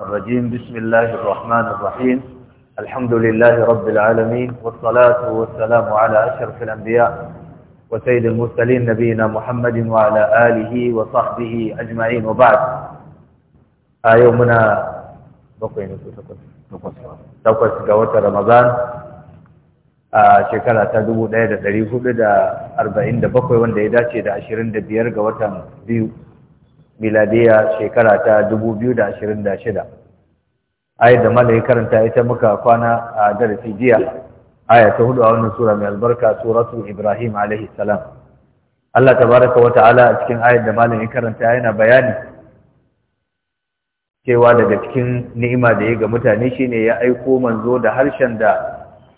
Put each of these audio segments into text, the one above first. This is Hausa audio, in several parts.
الرجيم بسم الله الرحمن الرحيم الحمد لله رب العالمين والصلاة والسلام على أشرف الأنبياء وسيد المرسلين نبينا محمد وعلى آله وصحبه أجمعين وبعد يومنا بقي تقص قوة رمضان shekara ta dubu ɗaya da ɗari hudu da arba'in da bakwai wanda ya dace da ashirin da biyar ga watan biyu miladiya shekara ta 2026 ayat da malai karanta ita muka kwana a darasi jiya aya ta hudu a wannan sura mai albarka suratu ibrahim alaihi salam Allah tabaraka wa ta'ala a cikin ayat da malai karanta yana bayani cewa daga cikin ni'ima da ya ga mutane shine ya aiko manzo da harshen da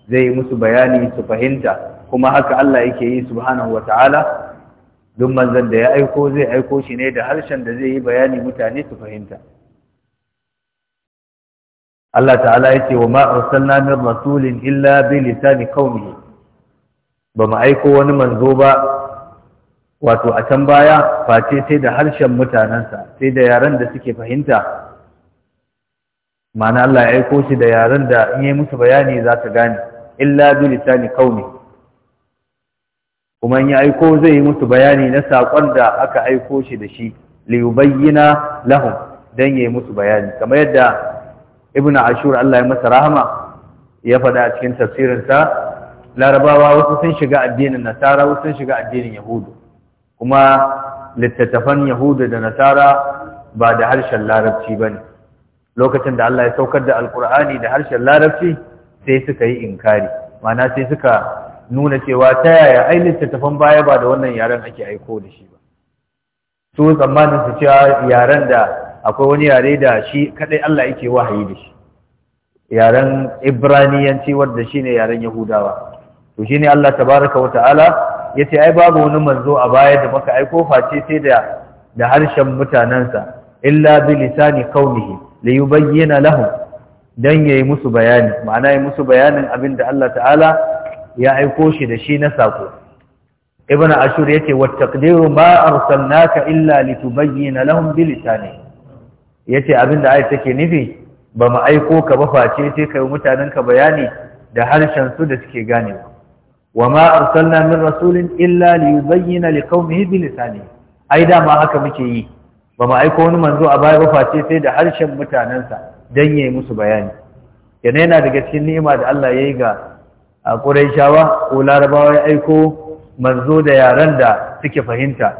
zai musu bayani su fahimta kuma haka Allah yake yi subhanahu wa ta'ala duk manzan da ya aiko zai aiko shi ne da harshen da zai yi bayani mutane su fahimta Allah ta'ala ya ce wa ma arsalna min rasulin illa bi lisani qaumihi ba mu aiko wani manzo ba wato a can baya face sai da harshen mutanansa sai da yaran da suke fahimta ma'ana Allah ya aiko shi da yaran da in yi musu bayani za ta gane illa bi lisani qaumihi kuma in ya aiko zai yi musu bayani na saƙon da aka aiko shi da shi liyubayyina lahum dan yayi musu bayani kamar yadda ibnu ashur Allah ya masa rahama ya faɗa a cikin tafsirin sa larabawa wasu sun shiga addinin nasara wasu sun shiga addinin yahudu kuma littattafan yahudu da nasara ba da harshen larabci bane lokacin da Allah ya saukar da alqur'ani da harshen larabci sai suka yi inkari ma'ana sai suka nuna cewa ta yaya ai littattafan baya ba da wannan yaren ake aiko da shi ba su tsammanin su cewa yaren da akwai wani yare da shi kadai Allah yake wahayi da shi yaren ibraniyanci wanda shine yaren yahudawa to shine Allah tabaraka wa ta'ala ce, ai babu wani manzo a baya da maka aiko face sai da da harshen mutanansa illa bi lisani qaumihi li yubayyana lahum dan yayi musu bayani ma'ana yayi musu bayanin abin da Allah ta'ala ya aiko shi da shi na sako ibnu ashur yace wa taqdiru ma arsalnaka illa litubayyana lahum bi yace abinda ayat take nufi ba mu aiko ka ba face sai kai mutanen ka bayani da harshen su da suke gane wa ma arsalna min rasulin illa liyubayyana liqaumihi bi ai da ma haka muke yi ba mu aiko wani manzo a baya ba face sai da harshen mutanensa dan yayi musu bayani yana daga cikin ni'ima da Allah yayi ga a ƙuraishawa ko larabawa ya aiko manzo da yaren da suke fahimta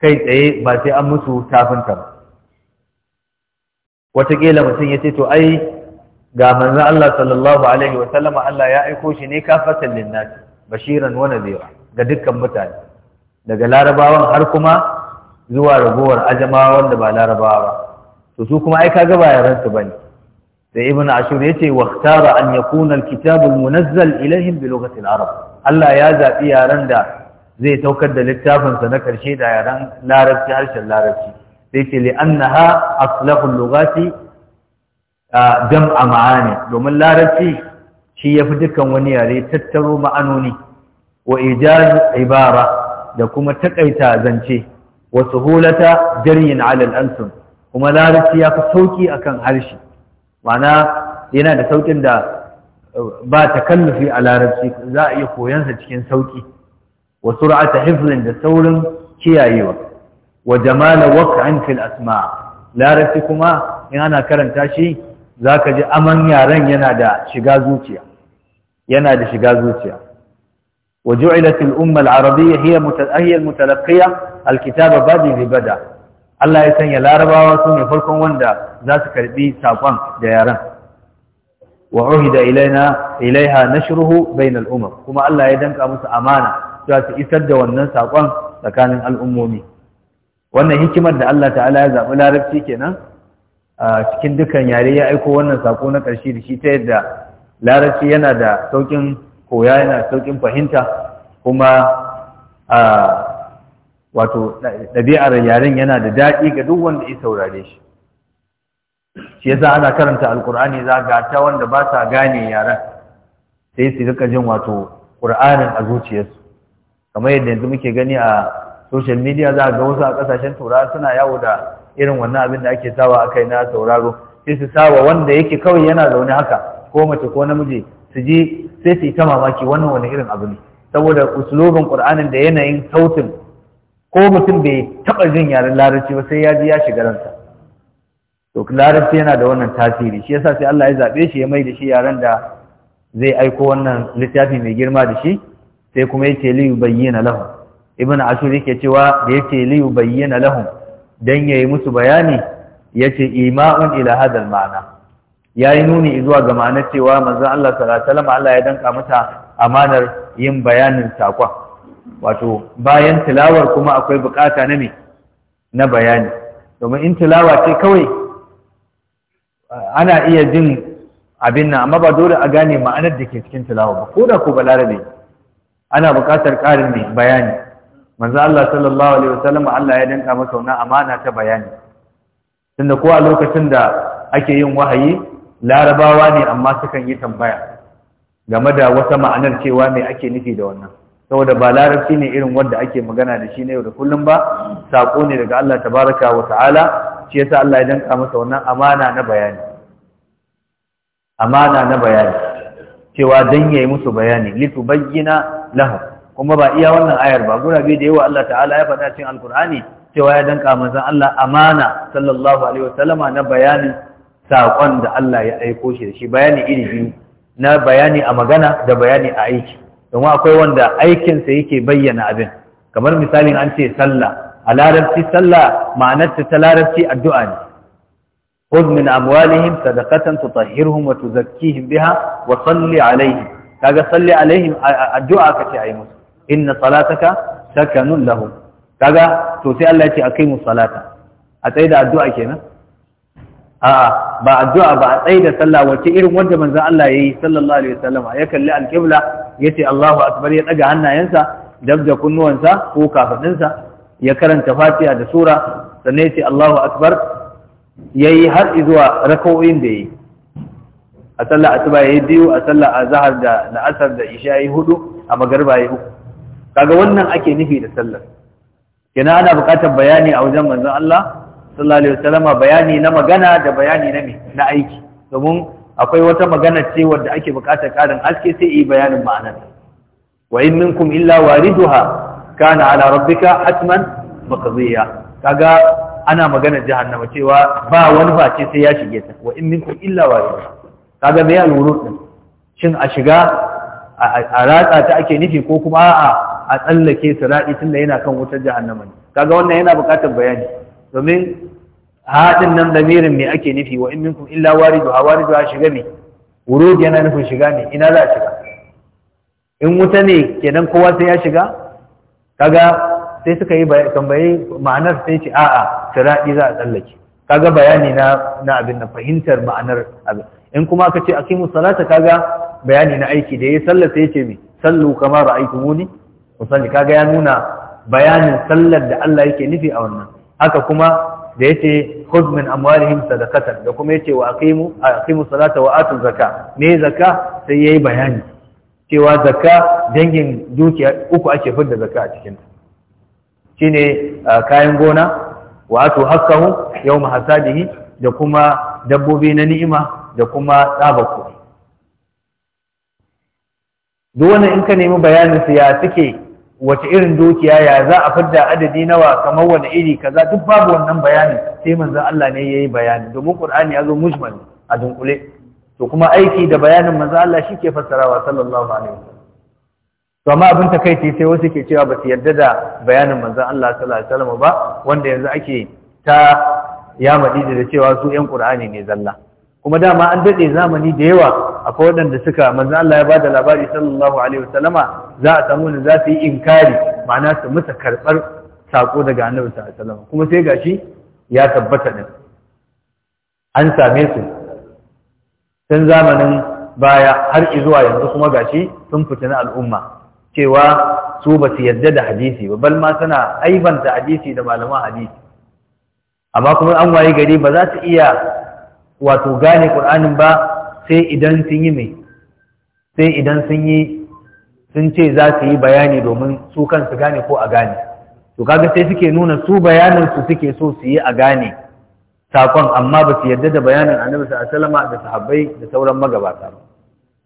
kai tsaye ba sai an musu tafinta ba wataƙila mutum ya ce to ai ga manzan Allah sallallahu alaihi wa sallama Allah ya aiko shi ne kafatan linnati bashiran wa nadira ga dukkan mutane daga larabawan har kuma zuwa ragowar ajamawa wanda ba larabawa ba to su kuma ai ka gaba yarensu su bane da ibn ashur yace wa ikhtara an yakuna alkitab almunazzal ilaihim bi lughati alarab Allah ya zabi yaran da zai saukar da littafin sa na karshe da yaran larabci harshen larabci sai ce li annaha aslahu lughati jam'a ma'ani domin larabci shi yafi dukkan wani yare tattaro ma'anoni wa ijaz ibara da kuma takaita zance wa suhulata jaryin ala al kuma larabci yafi sauki akan harshe ma'ana yana da saukin da ba ta takallufi a larabci za a iya sa cikin sauki wa sur'ata hifzin da saurin kiyayewa wa jamala waq'an fil asma' larabci kuma in ana karanta shi zaka ji aman yaran yana da shiga zuciya yana da shiga zuciya وجعلت الأمة العربية هي هي المتلقية الكتاب بادي Allah ya sanya larabawa su ne farkon wanda za su karbi sakon da yaran wa uhida ilaina ilaiha nashruhu bainal umam kuma Allah ya danka musu amana za su isar da wannan sakon tsakanin al'ummomi wannan hikimar da Allah ta'ala ya zaɓi larabci kenan a cikin dukkan yare ya aiko wannan sako na ƙarshe da shi ta yadda larabci yana da sauƙin koya yana da sauƙin fahimta kuma a wato ɗabi'ar yaren yana da daɗi ga duk wanda ya saurare shi shi yasa ana karanta alkur'ani za ga ta wanda ba sa gane yaren sai su rika jin wato ƙur'anin a zuciyarsu kamar yadda yanzu muke gani a social media za ga wasu a ƙasashen turawa suna yawo da irin wannan abin da ake sawa a kai na sauraro sai su sawa wanda yake kawai yana zaune haka ko mace ko namiji su je sai su yi ta mamaki wannan wani irin abu ne saboda uslubin ƙur'anin da yanayin sautin ko mutum bai taɓa jin yaren larabci ba sai ya ji ya shiga ransa to larabci yana da wannan tasiri shi yasa sai Allah ya zaɓe shi ya mai da shi yaren da zai aiko wannan littafi mai girma da shi sai kuma yace liyu bayyana lahum ibn ashur yake cewa da yace liyu bayyana lahum dan yayi musu bayani yace ima'un ila hadal ma'ana yayi nuni zuwa ga ma'anar cewa manzon Allah sallallahu alaihi wasallam Allah ya danka mata amanar yin bayanin sakon wato bayan tilawar kuma akwai bukata na ne na bayani domin in tilawa ce kawai ana iya jin abin nan amma ba dole a gane ma'anar da ke cikin tilawa ba ko da ko balarabe ana bukatar ƙarin ne bayani manzo Allah sallallahu alaihi wasallam Allah ya danka masa wannan amana ta bayani tunda ko a lokacin da ake yin wahayi larabawa ne amma sukan yi tambaya game da wata ma'anar cewa me ake nufi da wannan saboda ba larabci ne irin wanda ake magana da shi na yau da kullum ba sako ne daga Allah tabaraka wa ta'ala shi yasa Allah ya danka masa wannan amana na bayani amana na bayani cewa dan yayi musu bayani litubayyana lahu kuma ba iya wannan ayar ba gurabe da yawa Allah ta'ala ya faɗa cikin alkur'ani cewa ya danka manzon Allah amana sallallahu alaihi wasallama na bayanin sakon da Allah ya aiko shi da shi bayani iri biyu na bayani a magana da bayani a aiki don akwai wanda aikinsa yake bayyana abin kamar misalin an ce sallah a larabci sallah ma'anarta ta larabci addu'a ne خذ من أموالهم صدقة تطهرهم وتزكيهم بها وصلي عليهم كاجا صلي عليهم الدعاء كتعي مسلم إن صلاتك سكن لهم كاجا توسي الله يتي أقيموا الصلاة أتأيد الدعاء كينا آه با الدعاء با أتأيد صلى وتئر وجه من ذا الله صلى الله عليه وسلم يكن لأ الكبلة Ya ce Allahu akbar ya daga hannayensa dab da kunnuwansa ko kafadinsa ya karanta Fatiya da sura sannan yace Allahu akbar yayi har zuwa rakawoyin da yi. a sallar asuba yi biyu a sallar da la'asar da isha yi hudu a magarba yi uku kaga wannan ake nufi da sallar kina ana buƙatar bayani a wajen manzon Allah sallallahu alaihi wasallama bayani na magana da bayani na me na aiki domin akwai wata magana ce wadda ake buƙatar ƙarin haske sai yi bayanin ma'anar wa in minkum illa wariduha kana ala rabbika hatman maqdiya kaga ana magana jahannama cewa ba wani face sai ya shige ta wa in minkum illa wariduha kaga me al-wurud din shin a shiga a ratsa ta ake nufi ko kuma a'a a tsallake sirati tunda yana kan wutar jahannama ne kaga wannan yana buƙatar bayani domin hadin nan lamirin me ake nufi wa in minkum illa waridu ha waridu ha shiga me wurud yana nufin shiga ne ina za a shiga in wuta ne kenan kowa sai ya shiga kaga sai suka yi tambaye ma'anar sai ce a'a siradi za a tsallake kaga bayani na na abin na fahimtar ma'anar abin in kuma aka ce akimu salata kaga bayani na aiki da yayi sallah sai ce me sallu kama ra'aytumuni usalli kaga ya nuna bayanin sallar da Allah yake nufi a wannan haka kuma da yace khudh min amwalihim sadaqatan da kuma yace wa aqimu aqimu salata wa atu zakka me zakka sai yayi bayani cewa zakka dangin dukiya uku ake fidda zakka a cikin ta shine kayan gona wa atu Yau yawma hasadihi da kuma dabbobi na ni'ima da kuma tsabaku duk wannan in ka nemi bayanin su ya suke wace irin dukiya ya za a fidda adadi nawa kamar wani iri kaza duk babu wannan bayanin sai manzon Allah ne yayi bayani domin Qur'ani ya zo mujmal a dunkule to kuma aiki da bayanin manzon Allah shike fassarawa sallallahu alaihi wasallam to amma abin takeici sai wasu ke cewa ba su yarda da bayanin manzon Allah sallallahu alaihi wasallam ba wanda yanzu ake ta ya madidi da cewa su ƴan Qur'ani ne zalla kuma dama an daɗe zamani da yawa akwai waɗanda suka manzo Allah ya bada labari sallallahu alaihi wasallama za a samu da za su yi inkari ma'ana su musa karɓar sako daga annabi sallallahu kuma sai gashi ya tabbata din an same su tun zamanin baya har zuwa yanzu kuma gashi sun fitina al'umma cewa su ba su yarda da hadisi ba bal ma suna aibanta hadisi da malaman hadisi amma kuma an waye gari ba za su iya wato gane ƙur'anin ba sai idan sun yi mai sai idan sun yi sun ce za su yi bayani domin su kansu gane ko a gane to kaga sai suke nuna su bayanin su suke so su yi a gane sakon amma ba su yarda da bayanin annabi sallallahu da sahabbai da sauran magabata ba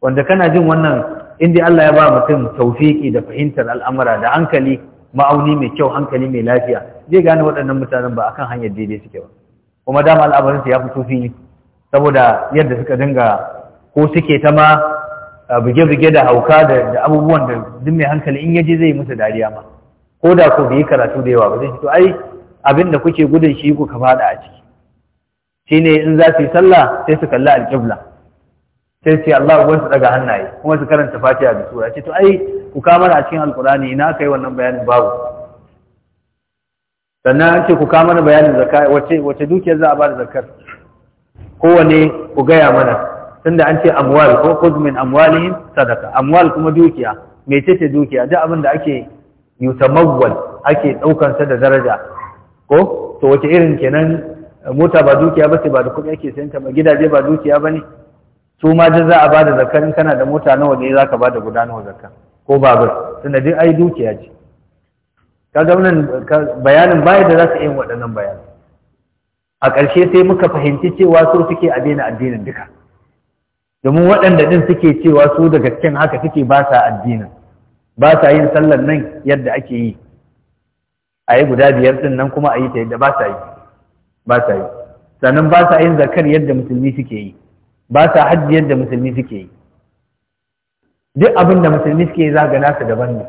wanda kana jin wannan inda Allah ya ba mutum tawfiki da fahimtar al'amura da hankali ma'auni mai kyau hankali mai lafiya zai gane waɗannan mutanen ba akan hanyar daidai suke ba kuma dama al'amarin su ya fi fili saboda yadda suka dinga ko suke ta ma buge-buge da hauka da abubuwan da duk mai hankali in yaji zai musu dariya ma ko da ko bai karatu da yawa ba zai to ai abin da kuke gudun shi kuka fada a ciki shine in za su yi sallah sai su kalli alƙibla sai su yi Allah uban su daga hannaye kuma su karanta fatiha da sura ce to ai ku kama a cikin alƙur'ani na kai wannan bayanin babu sannan an ce ku kamar bayanin zakka wace wace dukiyar za a ba da zakar? kowane ku gaya mana Tun da an ce amwal ko kuzmin amwalihim sadaka amwal kuma dukiya ce dukiya duk abin da ake yutamawwal ake daukan sa da daraja ko to wace irin kenan eh, mota ba dukiya ba sai ba da kuɗi ake sayan ta ba gidaje ba dukiya bane su ma duk za a bada zakka in kana da mota nawa ne ba bada guda nawa zakka ko babur tunda duk ai dukiya ce Ka ga wannan bayanin bai da zaka yin waɗannan bayanan a ƙarshe sai muka fahimci cewa so suke a daina addinin duka domin waɗanda ɗin suke cewa su da gasken haka suke ba sa addinin ba sa yin sallar nan yadda ake yi a yi guda biyar ɗin nan kuma a yi ta yadda ba sa yi ba sa yi sannan ba sa yin zakar yadda musulmi suke yi ba sa hajji yadda musulmi suke yi duk abin da musulmi suke yi za ga nasa daban ne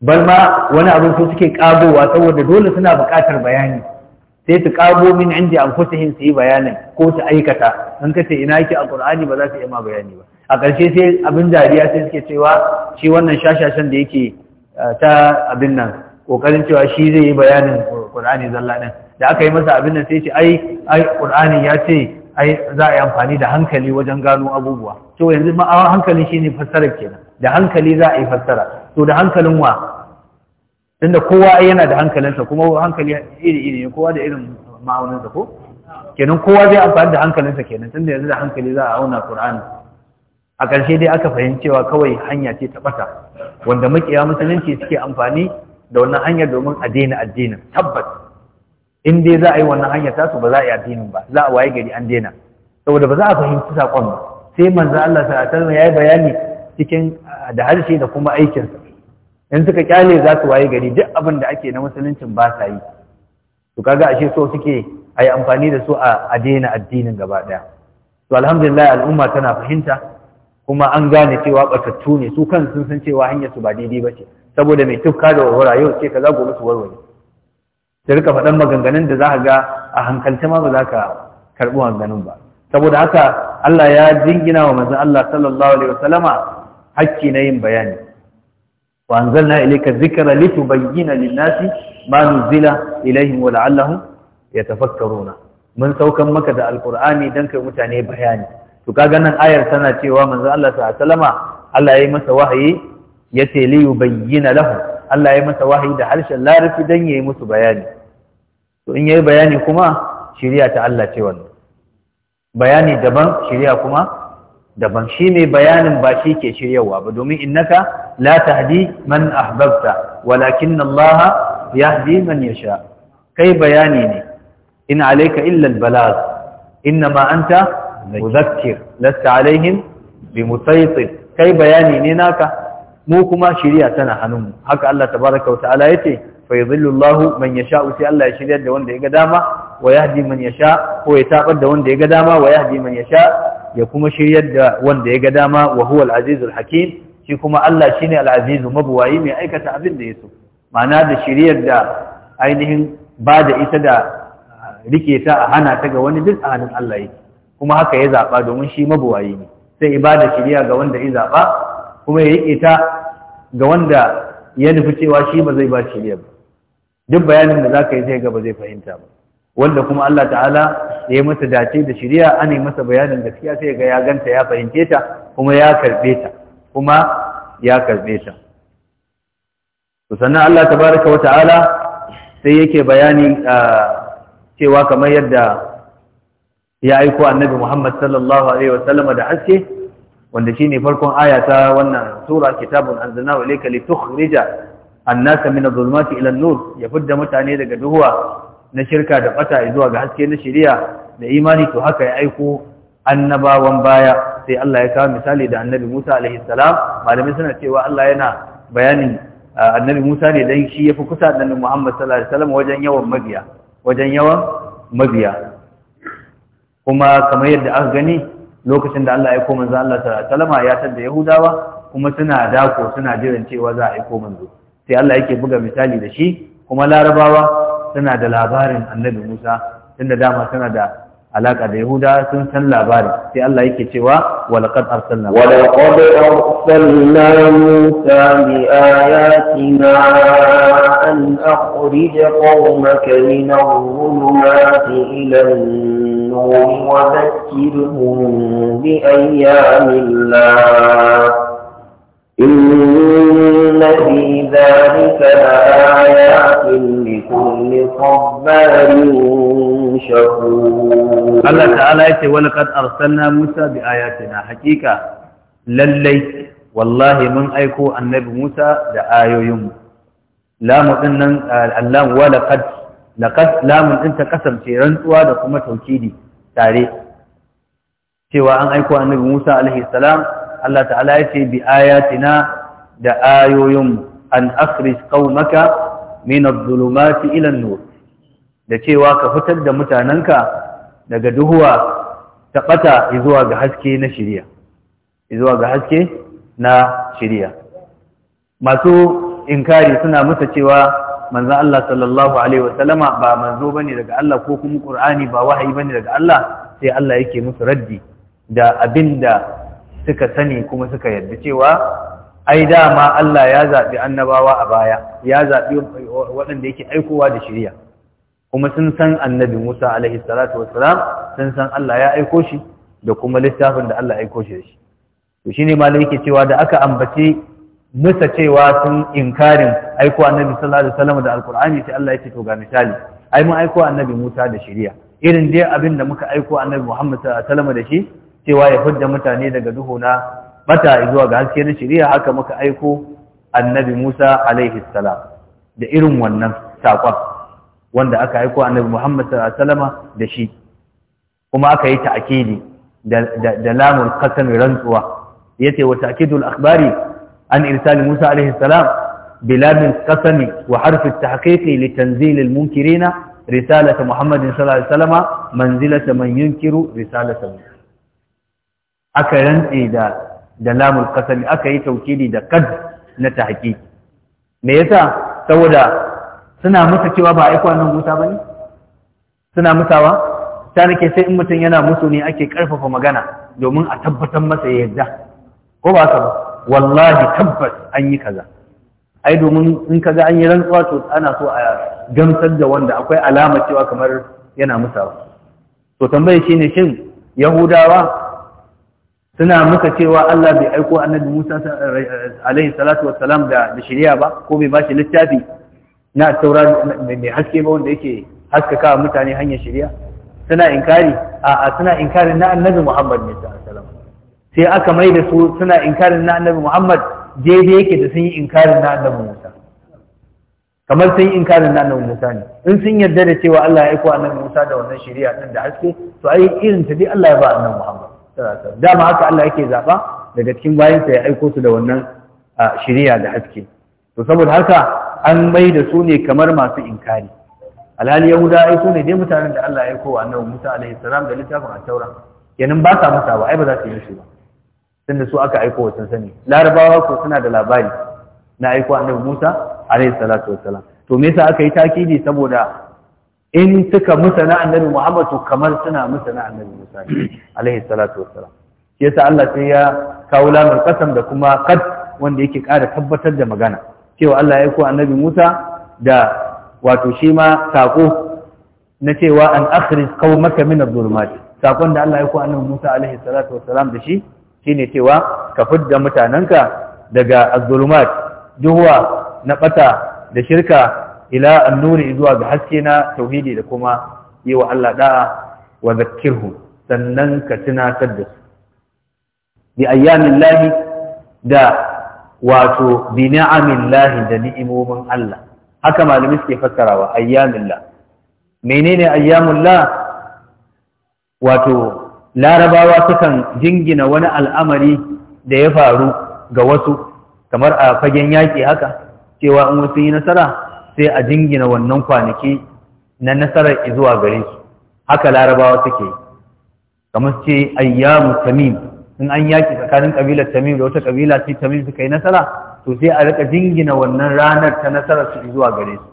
bal ma wani abin su suke ƙagowa saboda dole suna buƙatar bayani sai su kago min inda hin su yi bayanin ko su aikata in ka ce ina yake a qur'ani ba za su yi ma bayani ba a ƙarshe sai abin dariya sai suke cewa shi wannan shashashan da yake uh, ta abin nan kokarin cewa shi zai yi bayanin qur'ani zalla din da aka yi masa abin nan sai ce ai ai qur'ani ya ce ai za a yi amfani da hankali wajen gano abubuwa to yanzu ma hankalin shine fassarar kenan da hankali za a yi fassara to da hankalin wa tunda kowa yana da hankalinsa kuma hankali iri-iri ne kowa da irin ma'auninsa ko kenan kowa zai amfani da hankalinsa kenan tunda yanzu da hankali za a auna Qur'ani a ƙarshe dai aka fahimcewa kawai hanya ce ta ɓata wanda makiya musulunci suke amfani da wannan hanyar domin a daina addinin tabbas in dai za a yi wannan hanyar tasu ba za a yi addinin ba za a waye gari an daina saboda ba za a fahimci saƙon ba sai manzo Allah sallallahu alaihi wasallam ya yi bayani cikin da harshe da kuma aikinsa in suka kyale za su waye gari duk abin da ake na musuluncin ba sa yi to kaga ashe so suke a amfani da su a daina addinin gaba ɗaya to alhamdulillah al'umma tana fahimta kuma an gane cewa batattu ne su kan sun san cewa hanyar su ba daidai ba ce saboda mai tufka da warwara yau ce kaza gobe su warware da rika faɗan maganganun da za ka ga a hankalta ma ba za ka karɓi maganganun ba saboda haka Allah ya jingina wa manzon Allah sallallahu alaihi wasallama hakki na yin bayani wa anzalna ilayka dhikra litubayyana lin-nasi ma nuzila ilayhim wa la'allahum mun saukan maka da alqur'ani dan kai mutane bayani to kaga nan ayar tana cewa manzon Allah sallallahu alaihi wasallama Allah yayi masa wahayi yace li yubayyana lahu Allah yayi masa wahayi da harshen larafi dan yayi musu bayani to in yayi bayani kuma shari'a ta Allah ce wannan bayani daban shari'a kuma daban shi mai bayanin ba shi ke shiryawa ba domin innaka la tahdi man ahbabta walakin ya yahdi man sha. kai bayani ne in alayka illa albalagh inma anta muzakkir lasta alaihim bimusaytir kai bayani ne naka mu kuma shiriya tana hannunmu haka Allah tabaaraka wa ta'ala yace fa yadhillu Allahu man yasha'u sai Allah ya shirya da wanda ya ga dama wa yahdi man sha? ko ya tabar da wanda ya ga dama wa yahdi man yasha ya kuma shiryar da wanda ya ga dama wa huwa al-azizul hakim shi kuma Allah shine al-azizu mabuwayi mai aikata abin da yaso ma'ana da shiryar da ainihin ba da ita da rike ta a hana ta ga wani duk a hannun Allah yake kuma haka ya zaba domin shi mabuwayi ne sai ibada shiriya ga wanda ya zaba kuma ya rike ta ga wanda ya nufi cewa shi ba zai ba shiriya ba duk bayanin da zaka yi sai ga ba zai fahimta ba wanda kuma Allah ta'ala ya yi masa dace da shirya ana yi masa bayanin gaskiya sai ga ya ganta ya fahimce ta kuma ya karbe ta kuma ya karbe ta sannan Allah tabaraka wa ta'ala sai yake bayani cewa kamar yadda ya aiko annabi Muhammad sallallahu alaihi wasallam da haske wanda shine farkon aya ta wannan sura kitabun anzalna ilayka litukhrija annaka min adh-dhulumati ila an-nur ya mutane daga duhuwa na shirka da bata zuwa ga haske na shari'a da imani to haka ya aiko annabawan baya sai Allah ya kawo misali da annabi Musa alaihi salam malamai suna cewa Allah yana bayanin annabi Musa ne dan shi yafi kusa da annabi Muhammad sallallahu alaihi wasallam wajen yawan mabiya wajen yawan mabiya kuma kamar yadda aka gani lokacin da Allah ya aiko manzo Allah sallallahu alaihi wasallam ya tada Yahudawa kuma suna dako suna jiran cewa za a aiko manzo sai Allah yake buga misali da shi kuma Larabawa tana da labarin annabi Musa tunda dama tana da alaka da Yahuda sun san labarin sai Allah yake cewa walaqad arsalna walaqad arsalna Musa bi ayatina an akhrij qawmaka min al dhulumati ila an-nur wa dhakkirhum bi ayyamin Allah في ذلك لآيات لكل صبار شكور الله تعالى يتي ولقد أرسلنا موسى بآياتنا حقيقة للي والله من أيكو النبي موسى لآيو يوم لا مؤنن اللام ولقد لقد لام انت قسم ce rantsuwa da kuma taukidi tare cewa an aiko annabi Musa alaihi salam Allah ta'ala ya ce bi ayatina da ayoyin an akhrij qaumaka min adh-dhulumati ila an-nur da cewa ka fitar da mutananka daga duhuwa ta bata zuwa ga haske na shari'a zuwa ga haske na shari'a masu inkari suna masa cewa manzon Allah sallallahu alaihi wasallama ba manzo bane daga Allah ko kuma Qur'ani ba wahayi bane daga Allah sai Allah yake musu raddi da abinda suka sani kuma suka yarda cewa ai dama Allah ya zaɓi annabawa a baya ya zaɓi waɗanda yake aikowa da shirya kuma sun san annabi Musa alaihi salatu wassalam sun san Allah ya aiko shi da kuma littafin da Allah ya aiko shi da shi to shine malai yake cewa da aka ambace musa cewa sun inkarin aiko annabi sallallahu alaihi wasallam da alqur'ani sai Allah yake to ga misali ai mun aiko annabi Musa da shari'a irin dai abin da muka aiko annabi Muhammad sallallahu alaihi wasallam da shi cewa ya fudda mutane daga duhu na bata zuwa ga hasken na shari'a haka muka aiko annabi Musa alaihi salam da irin wannan sakon wanda aka aiko annabi Muhammad sallallahu alaihi wasallama da shi kuma aka yi ta'kidi da da lamul qasam rantsuwa yace wa ta'kidul akhbari an irsal Musa alaihi salam بلام القسم وحرف التحقيق لتنزيل munkirina رسالة محمد صلى الله عليه وسلم منزلة من ينكر رسالة أكرن da. da lamul kasami aka yi taukidi da kad na tahqiq me yasa saboda suna musu cewa ba aiko annan Musa bane suna musawa ta nake sai in mutum yana musu ne ake karfafa magana domin a tabbatar masa ya yadda ko ba haka ba wallahi tabbas an yi kaza ai domin in kaza an yi rantsuwa to ana so a gamsar da wanda akwai alama cewa kamar yana musawa to tambaye shine shin yahudawa suna muka cewa Allah bai aiko annabi Musa alaihi salatu wa salam da shari'a ba ko bai bashi littafi na taura mai haske ba wanda yake haskaka mutane hanyar shari'a suna inkari a suna inkarin na annabi Muhammad ne sallallahu alaihi wasallam sai aka mai da su suna inkarin na annabi Muhammad daidai yake da sun yi inkarin na annabi Musa kamar sun yi inkarin na annabi Musa ne in sun yarda da cewa Allah ya aiko annabi Musa da wannan shari'a din da haske to ai irin ta dai Allah ya ba annabi Muhammad dama haka Allah yake zaɓa daga cikin bayansa ya aiko su da wannan shiriya da haske to saboda haka an mai da su ne kamar masu inkari alhali yahuda ai su ne dai mutanen da Allah ya aiko wa annabi Musa alaihi salam da littafin at-taura kenan ba sa masa ba ai ba za su yi shi ba tunda su aka aiko wa sun larabawa ko suna da labari na aiko annabi Musa alaihi salatu wassalam to me yasa aka yi takidi saboda in suka musa na annabi Muhammad kamar suna musa annabi Musa alaihi salatu wassalam shi yasa Allah sai ya kawo lamar kasam da kuma kad wanda yake ƙara tabbatar da magana cewa Allah ya ko annabi Musa da wato shi ma sako na cewa an akhrij qaumaka min adh-dhulumat sakon da Allah ya ko annabi Musa alaihi salatu wassalam da shi shine cewa ka fidda mutananka daga adh-dhulumat duhuwa na bata da shirka ila annuri zuwa ga haske na tauhidi da kuma yi wa Allah da'a wa sannan ka tunatar da su bi ayyamin lahi da wato bi ni'amin lahi da ni'imomin Allah haka malami suke fassarawa ayyamin la menene ayyamin la wato larabawa sukan jingina wani al'amari da ya faru ga wasu kamar a fagen yaƙi haka cewa in wasu yi nasara sai a jingina wannan kwanaki na nasarar zuwa gare su haka larabawa suke kamar ce ayyamu tamim in an yaki tsakanin kabilar tamim da wata kabila ce tamim suka yi nasara to sai a rika jingina wannan ranar ta nasarar su izuwa gare su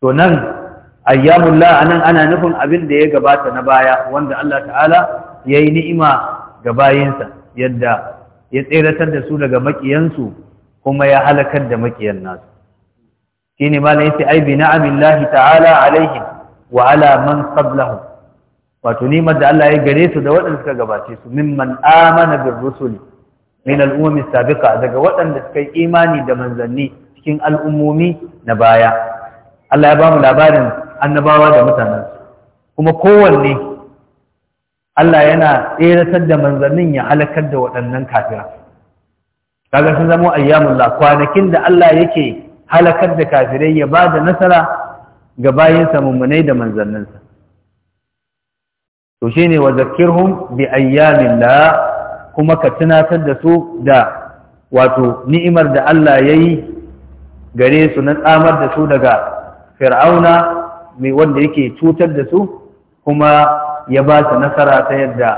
to nan ayyamullah anan ana nufin abin da ya gabata na baya wanda Allah ta'ala ya yi ni'ima ga bayinsa yadda ya tseratar da su daga makiyansu kuma ya halakar da makiyan nasu shine malam yace ai bi na'amillahi ta'ala alaihim wa ala man qablahum wato nimar da Allah ya gare su da waɗanda suka gabace su mimman amana bir rusuli min al'ummi sabiqa daga waɗanda suka yi imani da manzanni cikin al'ummomi na baya Allah ya ba mu labarin annabawa da mutanen kuma kowanne Allah yana tseratar da manzannin ya halakar da waɗannan kafira kaga sun zama ayyamullah kwanakin da Allah yake halakar da kafirai ya ba da nasara ga bayansa mummunai da manzanninsa to ne wa zakirhum bi ayyamillah kuma ka tunatar da su da wato ni'imar da Allah ya yi gare su na tsamar da su daga fir'auna mai wanda yake cutar da su kuma ya ba su nasara ta yadda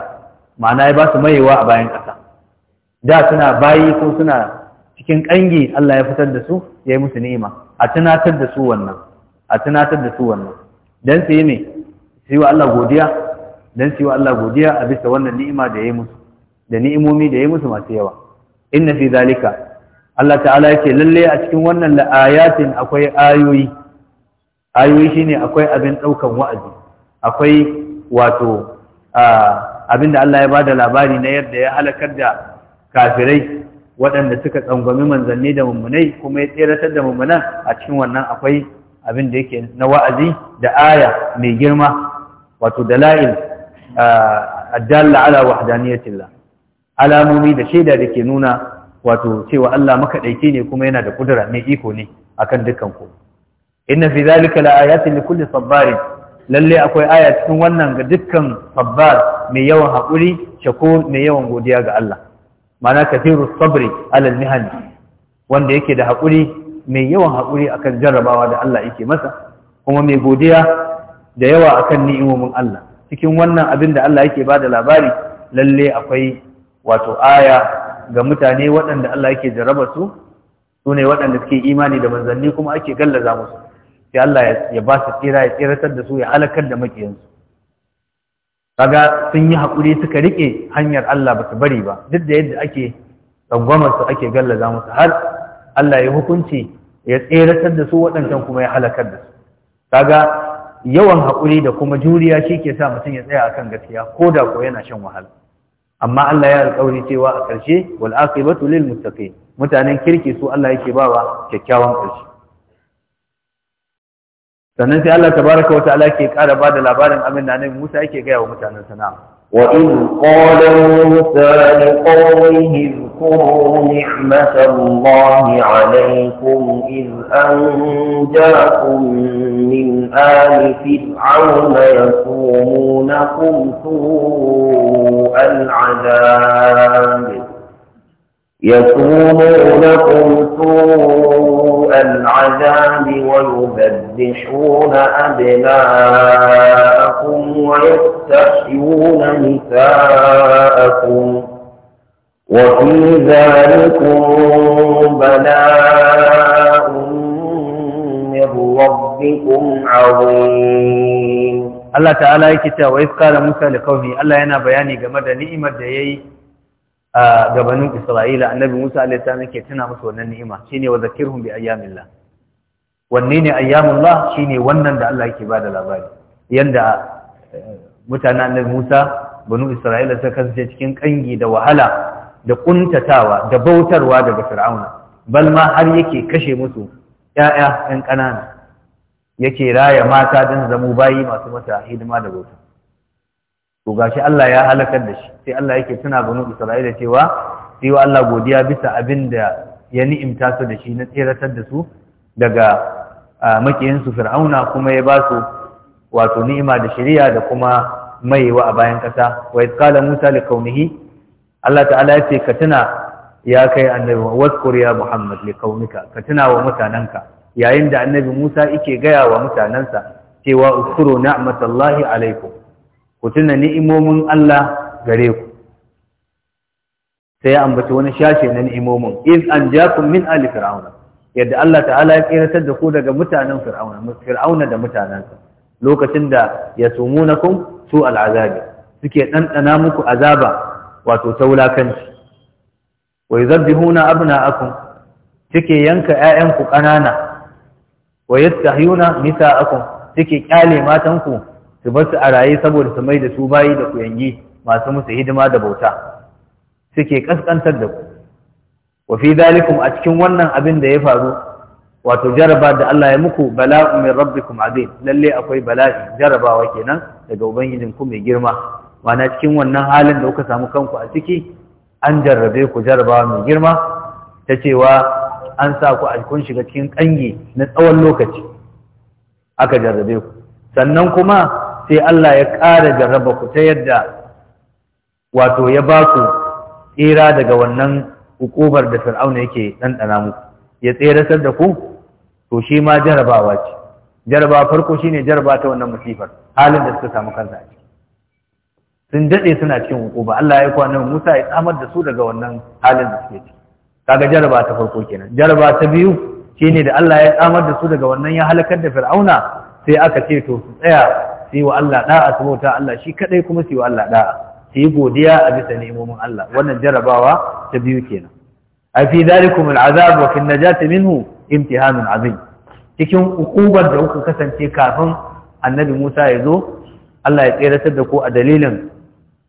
ma'ana ya ba su mayewa a bayan ƙasa da suna bayi ko suna cikin ƙangi Allah ya fitar da su ya yi musu ni'ima a tunatar da su wannan a tunatar da su wannan dan su yi ne su yi wa Allah godiya dan su yi wa Allah godiya a bisa wannan ni'ima da ya yi musu da ni'imomi da ya yi musu masu yawa inna fi zalika Allah ta'ala yake lalle a cikin wannan la'ayatin akwai ayoyi ayoyi shine akwai abin daukan wa'azi akwai wato ah, abin da Allah ya bada labari na yadda ya halakar da kafirai waɗanda suka tsangwami manzanni da mummunai kuma ya tseratar da mummunan a cikin wannan akwai abin da yake na wa'azi da aya mai girma wato dala'il addalla ala wahdaniyatillah alamomi da shaida da ke nuna wato cewa Allah makaɗaici ne kuma yana da kudura mai iko ne akan dukkan ku inna fi zalika laayatin likulli sabbarin lalle akwai aya cikin wannan ga dukkan sabbar mai yawan hakuri shako mai yawan godiya ga Allah mana kathiru sabri alal mihan wanda yake da hakuri mai yawan hakuri akan jarrabawa da Allah yake masa kuma mai godiya da yawa akan ni'imomin Allah cikin wannan abin da Allah yake bada labari lalle akwai wato aya ga mutane waɗanda Allah yake jarraba su ne waɗanda suke imani da manzanni kuma ake gallaza musu sai Allah ya ba su tsira ya tsiratar da su ya halakar da makiyansu kaga sun yi haƙuri suka riƙe hanyar Allah ba su bari ba duk da yadda ake tsangwamar su ake gallaza musu har Allah ya hukunci ya tseratar da su waɗancan kuma ya halakar da su kaga yawan haƙuri da kuma juriya shi ke sa mutum ya tsaya akan gaskiya ko da ko yana shan wahala amma Allah ya alƙawari cewa a ƙarshe wal aqibatu lil muttaqin mutanen kirki su Allah yake bawa kyakkyawan ƙarshe sannan sai Allah baraka wa ta'ala ke kara ba da labarin amina ne Musa ake gaya wa mutanen sana wa in qala Musa li qawmihi zkuru ni'matallahi alaykum id anjakum min ali fir'aun يكونوا لكم سوء العذاب ويذبحون أبناءكم ويستحيون نساءكم وفي ذلكم بلاء من ربكم عظيم الله تعالى يكتب وإذ قال موسى لقومه الله ينا بياني جمد نئمة دايي a gabanin Isra'ila annabi Musa alaihi salam ke tuna musu wannan ni'ima shine wa bi ayyamillah wanne ne ayyamullah shine wannan da Allah yake da labari yanda eh, mutanen annabi Musa banu Isra'ila suka kasance cikin kangi da wahala da ƙuntatawa da bautarwa daga Fir'auna bal ma har yake kashe musu ƴaƴa ƴan ƙanana yake raya mata don zamu bayi masu mata hidima da bauta to gashi Allah ya halakar da shi sai Allah yake tuna banu Isra'ila cewa sai wa Allah godiya bisa abin da ya ni'imta su da shi na tseratar da su daga makiyinsu fir'auna kuma ya ba su wato ni'ima da shari'a da kuma maiwa a bayan kasa. wa qala Musa li Allah ta'ala ya ce ka tuna ya kai annabi waskur ya Muhammad li kaunika ka tuna wa mutananka yayin da annabi Musa yake gaya wa mutanansa cewa uskuru ni'matallahi alaikum ku tuna ni'imomin Allah gare ku sai ya ambaci wani shashe na ni'imomin iz an jakum min ali fir'auna yadda Allah ta'ala ya kiratar da ku daga mutanen fir'auna fir'auna da mutanensa lokacin da ya sumunakum su al'azabi suke ɗanɗana muku azaba wato taulakanci wa wai abna'akum suke yanka ƴaƴanku ƙanana wa yastahiyuna nisa'akum suke kyale matanku su bar su a raye saboda su mai da su bayi da kuyangi masu musu hidima da bauta suke kaskantar da ku wa fi dalikum a cikin wannan abin da ya faru wato jaraba da Allah ya muku bala'u min rabbikum azim lalle akwai bala'i jarabawa kenan daga ubangijin ku mai girma mana cikin wannan halin da kuka samu kanku a ciki an jarrabe ku jarabawa mai girma ta cewa an sa ku a kun shiga cikin kangi na tsawon lokaci aka jarrabe ku sannan kuma sai Allah ya ƙara jarraba ku ta yadda wato ya ba ku tsira daga wannan hukumar da fir'auna yake ɗanɗana muku ya tsirasar da ku to shi ma jarabawa ce jaraba farko shine jaraba ta wannan musifar halin da suka samu kansa a ciki sun daɗe suna cikin hukuma Allah ya kwana Musa ya tsamar da su daga wannan halin da suke ciki kaga jaraba ta farko kenan jaraba ta biyu shine da Allah ya tsamar da su daga wannan ya halakar da Fir'auna sai aka ce to su tsaya su yi wa Allah ɗa'a su bauta Allah shi kadai kuma su yi wa Allah ɗa'a. su yi godiya a bisa nemomin Allah wannan jarabawa ta biyu kenan a fi zalikum al'azab wa fi najati minhu imtihanin azim cikin ukubar da kuka kasance kafin annabi Musa ya zo Allah ya tseratar da ku a dalilin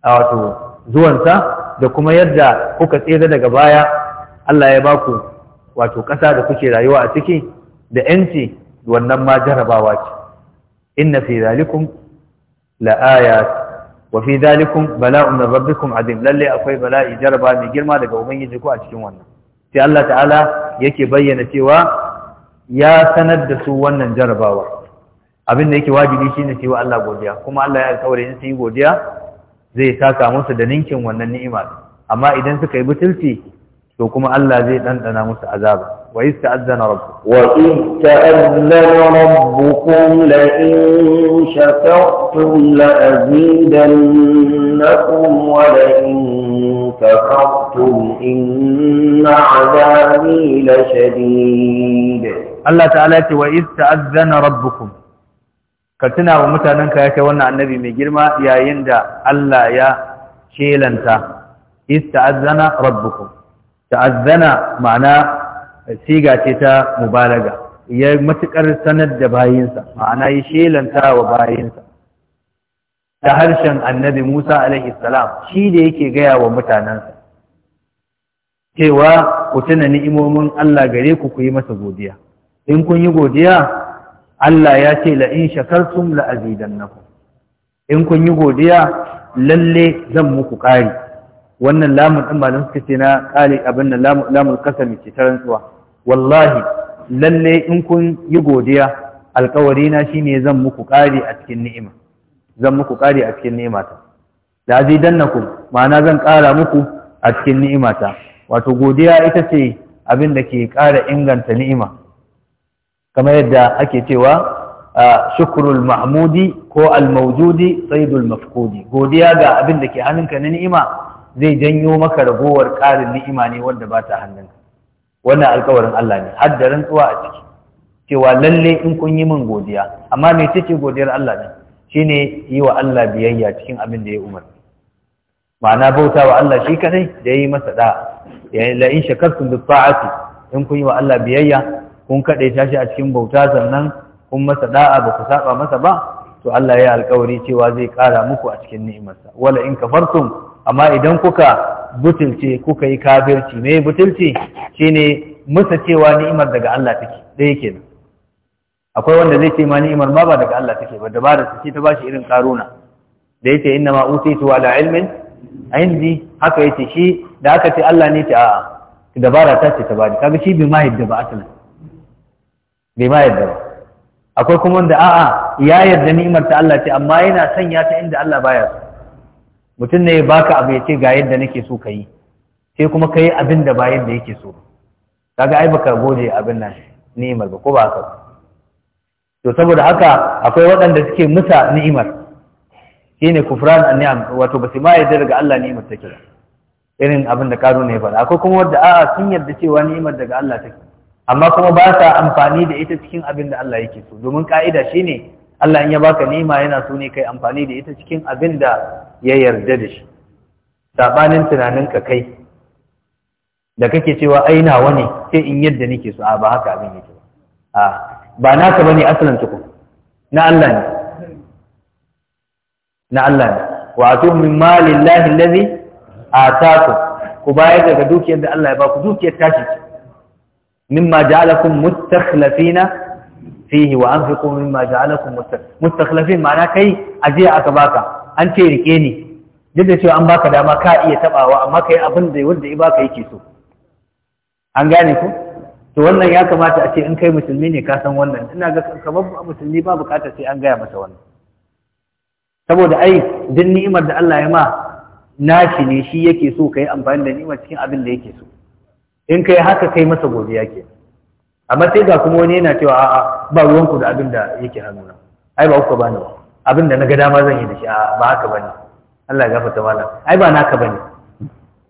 a wato zuwansa da kuma yadda kuka tsere daga baya Allah ya baku wato ƙasa da kuke rayuwa a ciki da 'yanci wannan ma jarabawa ce inna fi zalikum la'ayat wa fi zalikum bala'un min rabbikum azim lalle akwai bala'i jarba mai girma daga ubangiji ku a cikin wannan sai Allah ta'ala yake bayyana cewa ya sanar da su wannan jarabawa abin da yake wajibi shine cewa Allah godiya kuma Allah ya alƙawari in sun yi godiya zai saka musu da ninkin wannan ni'ima amma idan suka yi butulci to kuma Allah zai ɗanɗana musu azaba wa yi ta'azzana rabbu wa in ta'azzana rabbukum la in shakartum la azidannakum wa la in kafartum inna la shadid Allah ta'ala ce wa yi ta'azzana kun. ka tuna wa mutanenka ya kai wannan annabi mai girma yayin da Allah ya shelanta ista'azzana kun. ta'azzana ma'ana siga ce ta mubalaga ya matukar sanar da bayinsa ma'ana ya shelanta wa bayinsa ta harshen annabi Musa alaihi salam shi da yake gaya wa mutanensa cewa ku tuna ni'imomin Allah gare ku ku yi masa godiya in kun yi godiya Allah ya ce la in shakartum la azidannakum in kun yi godiya lalle zan muku ƙari wannan lamun ɗin malam suka ce na ƙali abin nan lamun kasami ce ta rantsuwa wallahi lalle in kun yi godiya alkawari na shine zan muku ƙari a cikin ni'ima zan muku ƙari a cikin ni'imata da ku, ma'ana zan ƙara muku a cikin ni'imata wato godiya ita ce abin da ke ƙara inganta ni'ima kamar yadda ake cewa shukrul mahmudi ko almaujudi saidul mafkudi godiya ga abin da ke hannunka na ni'ima zai janyo maka ragowar ƙarin ni'ima ne wanda ba ta hannunka wannan alkawarin Allah ne har da rantsuwa a ciki cewa lalle in kun yi min godiya amma me take godiyar Allah ne shine yi wa Allah biyayya cikin abin da ya umarni ma'ana bauta wa Allah shi kadai da yi masa da la in shakartum bi ta'ati in kun yi wa Allah biyayya kun kade tashi a cikin bauta sannan kun masa da'a ba ku saba masa ba to Allah ya alkawari cewa zai kara muku a cikin ni'imarsa wala in kafartum amma idan kuka butulce kuka yi kafirci me butulci shine musa cewa ni'imar daga Allah take ɗaya kenan akwai wanda zai ce ma ni'imar ma ba daga Allah take ba da su ce ta bashi irin karuna da yake inna ma utitu ala ilmin indi haka yace shi da aka ce Allah ne ta a'a dabara ta ce ta bani kaga shi bai ma yadda ba asalin bai ma yadda ba akwai kuma wanda a'a ya yarda ni'imar ta Allah ce amma yana sanya ta inda Allah baya so mutum ne ya baka abu ya ce ga yadda nake so ka yi sai kuma ka yi abin da ba yadda yake so kaga ai baka gode abin nan ni'imar ba ko ba haka to saboda haka akwai waɗanda suke musa ni'imar shine kufran an ni'am wato ba su ma yadda daga Allah ni'imar take ba irin abin da karo ne faɗa akwai kuma wanda a'a sun yarda cewa ni'imar daga Allah take amma kuma ba sa amfani da ita cikin abin da Allah yake so domin ka'ida shine Allah in ya baka Nima yana so ne kai amfani da ita cikin abin da ya yarda da shi sabanin tunanin ka kai da kake cewa ai nawa ne sai in yadda nake so a ba haka abin yake ba a ba naka bane asalin tuku na Allah ne na Allah ne wa atu min mali llahi allazi ataku ku bayar daga dukiyar da Allah ya baku dukiyar tashi mimma ja'alakum mustakhlifina fihi wa anfiqu mimma ja'alakum mustakhlifin ma'ana kai ajiya aka baka an ce rike ni duk da cewa an baka dama ka iya tabawa amma kai abin da wanda ya baka yake so an gane ku to wannan ya kamata a ce in kai musulmi ne ka san wannan ina ga kamar musulmi ba bukatar sai an gaya masa wannan saboda ai duk ni'imar da Allah ya ma nashi ne shi yake so kai amfani da ni'imar cikin abin da yake so in kai haka kai masa godiya ke amma sai ga kuma wani yana cewa a'a ba ruwanku da abin da yake hannuna ai ba kuka bani ba abin da na ga dama zan yi da shi ba haka bane Allah ya gafarta mana ai ba naka bane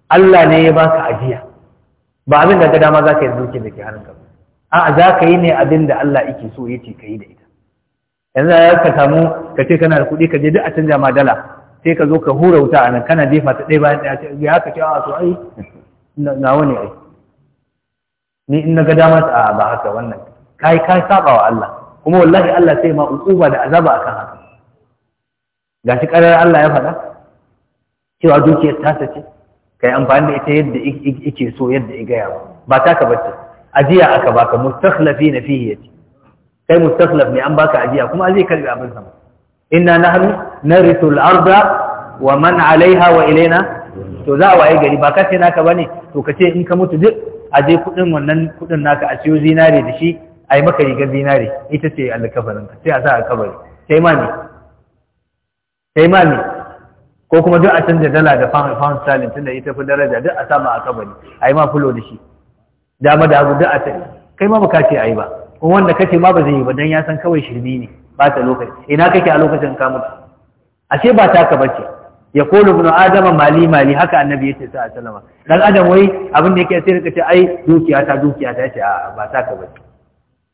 Allah ne ya baka ajiya ba abin da ga dama zaka yi zuci da ke hannunka a'a zaka yi ne abin da Allah yake so yace kai da ita yanzu ya ka samu ka ce kana da kuɗi ka je duk a canja ma dala sai ka zo ka hura wuta a nan kana jefa ta ɗaya bayan ɗaya ya haka ce a so ai na wani ai ni in na ga dama a ba haka wannan kai kai saba wa Allah kuma wallahi Allah sai ma ukuba da azaba akan haka gashi karar Allah ya faɗa cewa dukiyar ta ce kai amfani da ita yadda yake so yadda ya gaya ba ta ka bace ajiya aka baka mustakhlafi na fihi yace kai mustakhlaf ne an baka ajiya kuma zai karbi abin sama inna nahnu narithu al ardha wa man 'alayha wa ilayna to za waye gari ba ka ce naka bane to kace in ka mutu duk aje kudin wannan kudin naka a ciyo zinare da shi a yi maka rigar zinare ita ce alkafarinka sai a sa a kabari sai ma ne sai ma ne ko kuma duk a canza dala da pound tun tunda ita fi daraja duk a sama a kabari a yi ma fulo da shi dama da abu duk a ta kai ma ba kace a yi ba kuma wanda kace ma ba zai yi ba dan ya san kawai shirme ne ba ta lokaci ina kake a lokacin ka mutu A ce ba ta ka bace ya kulu ibn adam mali mali haka annabi yace alaihi wasallam dan adam wai abin da yake sai rika ce ai dukiya ta dukiya ta ce a ba ka bace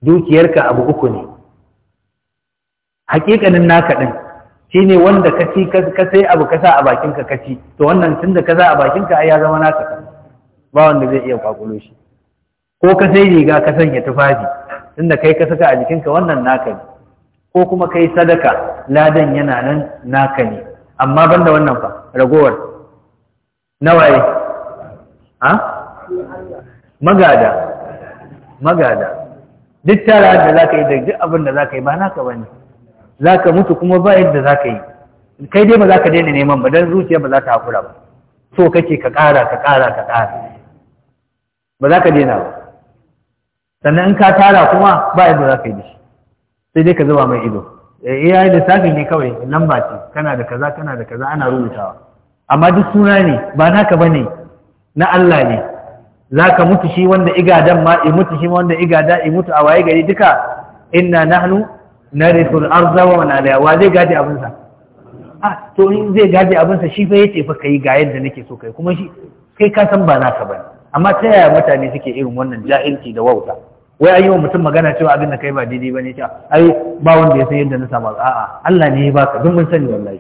dukiyarka abu uku ne hakikanin naka din shine wanda ka ci ka sai abu ka sa a bakinka ka ci to wannan da ka sa a bakinka ai ya zama naka ba wanda zai iya kwakulo shi ko ka sai riga ka sanya tufafi da kai ka saka a jikinka wannan naka ne ko kuma kai sadaka ladan yana nan naka ne amma banda wannan fa ragowar nawaye ha magada magada duk tara da za ka yi da duk abin da za ka yi ba naka ba ne za ka mutu kuma ba yadda za ka yi kai dai ba za ka daina neman ba don zuciya ba za ta haƙura ba so kake ka ƙara ka ƙara ka ƙara ba za ka daina ba sannan in ka tara kuma ba yadda za ka yi dashi. sai dai ka zuba mai ido iya eh, da lissafin ne kawai lamba ce kana da kaza kana da kaza ana rubutawa amma duk suna ne ba naka ba ne na Allah ne za ka mutu shi wanda igadan ma i mutu shi wanda igada i mutu a waye gari duka inna nahnu narithul arza wa man alaiha wa zai gadi abin sa ah to in zai gadi abin sa shi fa yace fa kai ga yadda nake so kai kuma shi kai ka san ba naka bane amma ta yaya mutane suke irin wannan jahilci da wauta wai an yi wa mutum magana cewa abin da kai ba daidai ba ne cewa ai ba wanda ya san yadda na samu a'a Allah ne ya baka duk mun sani wallahi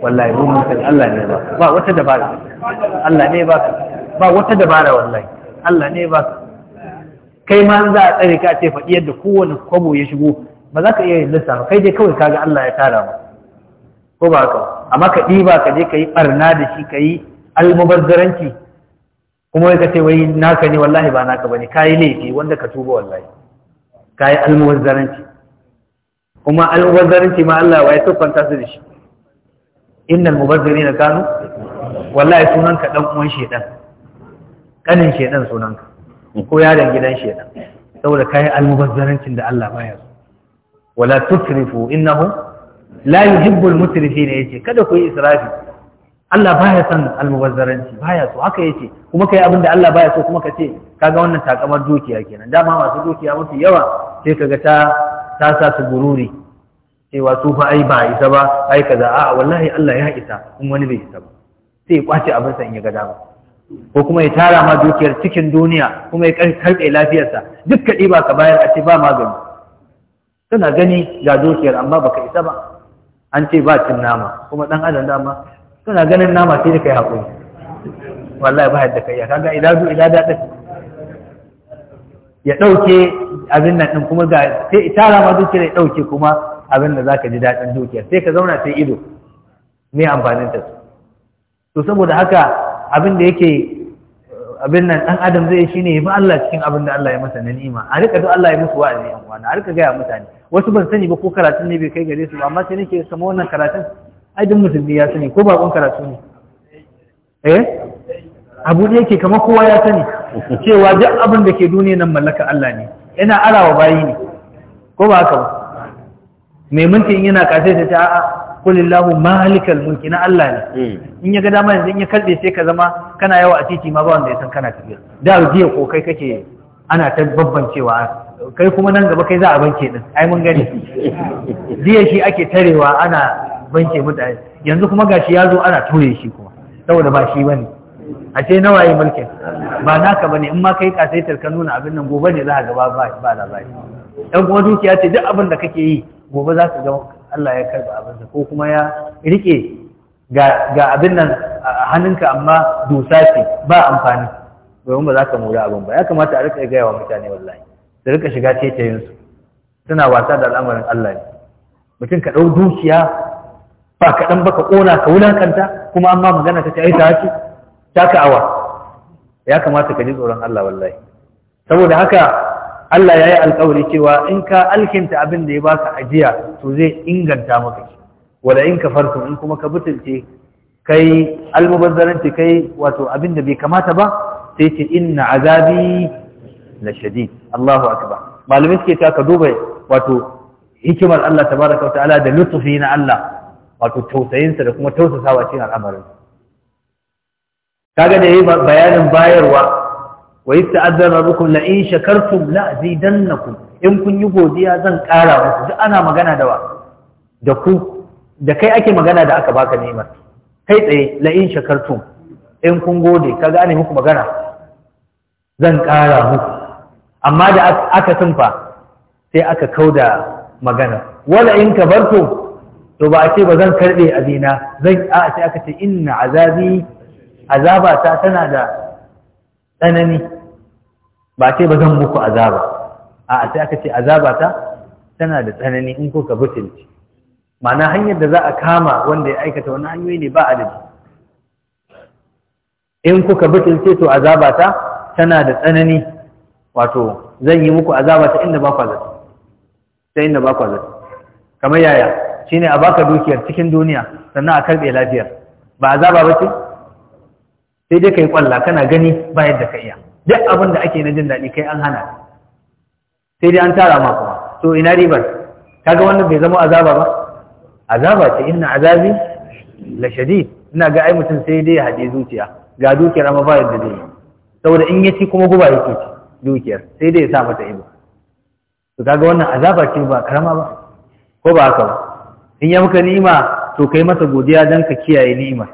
wallahi mun sani Allah ne ya baka ba wata dabara Allah ne ya baka ba wata dabara wallahi Allah ne ba kai ma za a tsare ka ce faɗi yadda kowane kwabo ya shigo ba za ka iya yin lissa ba kai dai kawai kaga Allah ya tara ba ko ba haka amma ka ɗiba ka je ka yi ɓarna da shi ka yi almubazzaranci kuma ka ce wai naka ne wallahi ba naka bane kayi laifi wanda ka tuba wallahi kayi almubazzaranci kuma almubazzaranci ma Allah ya tuffanta su da shi innal mubazzirina kanu wallahi sunan ka dan uwan shedan kanin shedan sunanka ko yaron gidan shedan saboda kai almubazzarancin da Allah baya so wala tusrifu innahu la yuhibbu almusrifin yace kada ku yi israfi Allah baya son almubazzaranci baya so haka yace kuma kai abin da Allah baya so kuma ka ce kaga wannan takamar dukiya kenan dama masu dukiya mafi yawa sai kaga ta ta sa su gururi cewa su fa ai ba isa ba ai kaza a'a wallahi Allah ya isa in wani bai isa ba sai ya kwace abin sa in ya ga dama ko kuma ya tara ma dukiyar cikin duniya kuma ya karɓe lafiyarsa duk ka ɗiba ka bayar a ce ba magani kana gani ga dukiyar amma baka isa ba an ce ba cin nama kuma ɗan adam dama kana ganin nama sai da kai haƙuri wallahi ba yadda kai ya kaga ga zu ila da ya ɗauke abin nan ɗin kuma ga sai tara ma dukiyar ya ɗauke kuma abin da zaka ji daɗin dukiyar sai ka zauna sai ido me amfanin ta to saboda haka abin da yake abin nan dan adam zai shi ya ba Allah cikin abin da Allah ya masa na ni'ima a rika duk Allah ya musu wa'azi yan uwana. a rika gaya mutane wasu ban sani ba ko karatun ne bai kai gare su amma sai nake sama wannan karatun ai duk musulmi ya sani ko bakon karatu ne eh abu ne yake kamar kowa ya sani cewa duk abin da ke duniya nan mallaka Allah ne yana arawa bayi ne ko ba haka ba mai mintin in yana kasai ta a'a kulillahu malikal mulki na Allah ne hmm. in ya ga dama yanzu in ya kalbe sai ka zama kana yawa a titi ma ba wanda ya san kana tafiya da jiya ko kai kake ana ta babbancewa kai kuma nan gaba kai za a banke din ai mun gani jiya shi ake tarewa ana banke mutane yanzu kuma gashi ya zo ana ture shi kuma saboda ba shi bane a ce nawa yi mulkin ba naka bane in ma kai kasaitar ka nuna abin nan gobe ne za ka gaba ba labari dan kuma dukiya ce duk abin da kake yi gobe za ka ga Allah ya karba abinsa ko kuma ya rike ga abin nan a hannunka amma dusa ce ba amfani domin ba za ka mura abin ba ya kamata a rika gaya wa mutane wallahi da rika shiga tetayensu suna wasa da al'amarin Allah ne mutum ka ɗau dukiya ba kaɗan ba ka ƙona ka wulakanta kuma amma magana ta ce ai ta ce ta ka awa ya kamata ka ji tsoron Allah wallahi saboda haka Allah ya yi alkawari cewa in ka alkinta abin da ya baka ajiya to zai inganta maka shi wala in farko in kuma ka butulce kai almubazzaranci kai wato abin da bai kamata ba sai ce inna azabi la shadid Allahu akbar Malamin suke ta ka duba wato hikimar Allah tabaraka wa ta'ala da lutfi na Allah wato tausayinsa da kuma tausasawa cikin al'amarin kaga da yayi bayanin bayarwa wa yasta'adza rabbukum la in shakartum la azidannakum in kun yi godiya zan ƙara muku duk ana magana da ku da kai ake magana da aka baka ni'imar kai tsaye la in in kun gode kaga ana muku magana zan ƙara muku amma da aka tunfa sai aka kauda magana wala in kabartum to ba a ce ba zan karbe zina. zan aka ce inna azabi tana da tsanani ba sai ba zan muku azaba a sai aka ce azaba ta tana da tsanani in kuka butulci ma'ana hanyar da za a kama wanda ya aikata wani hanyoyi ne ba adadi in kuka butulce to azaba ta tana da tsanani wato zan yi muku azaba ta inda ba ku zato sai inda ba ku zato kamar yaya shine a baka dukiyar cikin duniya sannan a karbe lafiyar ba azaba ba ce sai dai ka yi kwalla kana gani ba yadda ka iya duk abin da ake na jin daɗi kai an hana sai dai an tara ma kuma to ina ribar ka ga wannan bai zama azaba ba azaba ce inna azabi la shadid ina ga ai mutum sai dai ya haɗe zuciya ga dukiyar amma ba yadda zai yi saboda in ya ci kuma guba yake ci dukiyar sai dai ya sa mata ido to kaga wannan azaba ce ba karama ba ko ba haka ba in ya maka ni'ima to kai masa godiya dan ka kiyaye ni'imar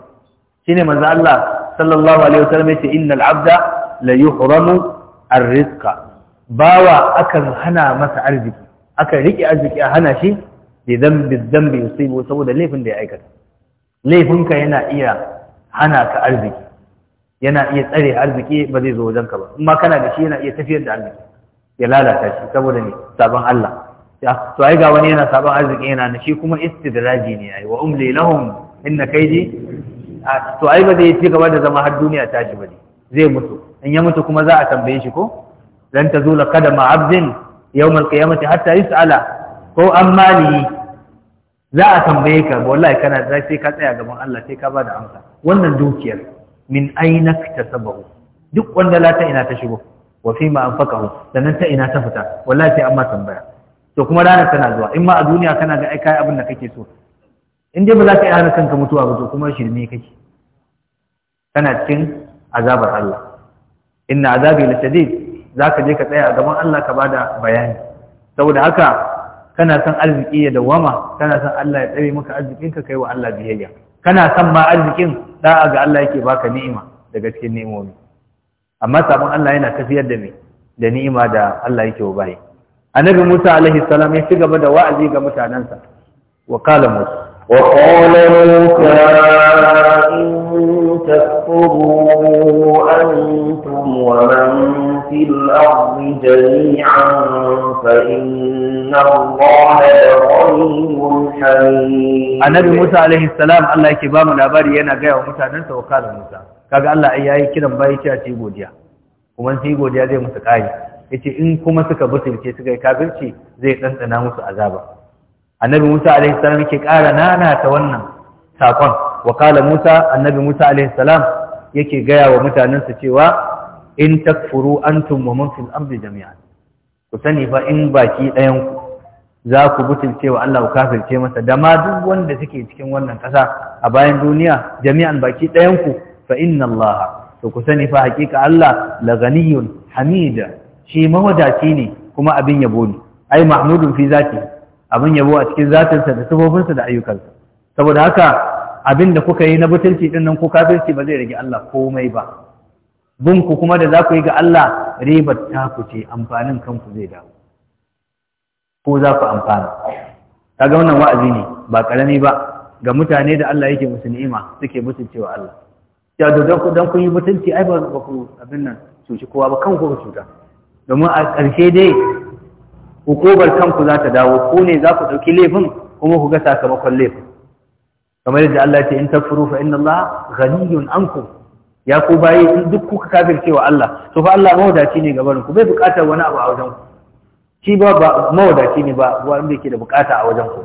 shine manzo Allah sallallahu alaihi wasallam yace innal abda la yuhramu arrizqa bawa akan hana masa arziki akan rike arziki a hana shi bi dambi dambi yusibu saboda laifin da ya aikata laifinka yana iya hana ka arziki yana iya tsare arziki ba zai zo wajenka ba amma kana da shi yana iya tafiyar da arziki ya lalata shi saboda ne sabon Allah to ai ga wani yana sabon arziki yana da shi kuma istidraji ne ai wa umli lahum inna kaydi to ai ba zai ci gaba da zama har duniya ta shi ba. zai mutu in ya mutu kuma za a tambaye shi ko lan tazula qadama abdin yawm alqiyamati hatta yus'ala ko an malihi za a tambaye ka wallahi kana za sai ka tsaya gaban Allah sai ka bada amsa wannan dukiyar min aina tasabahu duk wanda la ta ina ta shigo wa fi ma anfaqahu sannan ta ina ta fita wallahi sai amma tambaya to kuma ranar tana zuwa in ma a duniya kana ga ai kai abin da kake so in dai ba za ka yi hana kanka mutuwa ba to kuma shirme kake kana cikin azabar Allah inna azabi la shadid zaka je ka tsaya a gaban Allah ka bada bayani saboda haka kana san arziki ya dawama kana san Allah ya tsare maka arzikin ka kai wa Allah biyayya kana son ma arzikin da'a ga Allah yake baka ni'ima daga cikin ni'imomi amma sabon Allah yana tafiyar da me da ni'ima da Allah yake wa bayi annabi Musa alaihi salam ya ci gaba da wa'azi ga mutanansa wa qala Musa وقال موسى إن تكفروا أنتم ومن في الأرض جميعا فإن الله لغني حميد النبي موسى عليه السلام الله يكبام الأباري ينا قاية ومتعننسا وقال موسى kaga Allah ai kiran bai ce a ci godiya kuma sai godiya zai musu kai yace in kuma suka butulce suka yi kafirci zai dantsana musu azaba annabi Musa alaihi salam yake ƙara nana ta wannan sakon wa qala Musa annabi Musa alaihi salam yake gaya wa mutanensa cewa in takfuru antum wa man fil ardi jami'an ku sani fa in baki ɗayan ku za ku butulce wa Allah ku kafirce masa da ma duk wanda suke cikin wannan ƙasa a bayan duniya jami'an baki ɗayanku ku fa inna Allah to ku sani fa hakika Allah la ghaniyun hamida shi mawadaci ne kuma abin yabo ne ai mahmudun fi zati abin yabo a cikin zatinsa da sifofinsa da ayyukansa saboda haka abin da kuka yi na butulci ɗin nan ko kafirci ba zai rage Allah komai ba bin ku kuma da za ku yi ga Allah ribar ta ku ce amfanin kanku zai dawo ko za ku amfana Ta ga wannan wa'azi ne ba ƙarami ba ga mutane da Allah yake musu ni'ima suke wa Allah ya da dan kun yi mutunci ai ba ku abin nan cuci kowa ba kanku ku cuta domin a ƙarshe dai hukubar kanku za ta dawo ku ne za ku ɗauki laifin kuma ku ga sakamakon laifin kamar yadda Allah ce in takfuru fa inna Allah ghaniyun ankum ya ku baye in duk kuka kafirce wa Allah to fa Allah mawadaci ne gaban ku bai buƙatar wani abu a wajen ku shi ba mawadaci ne ba wanda yake da buƙata a wajen ku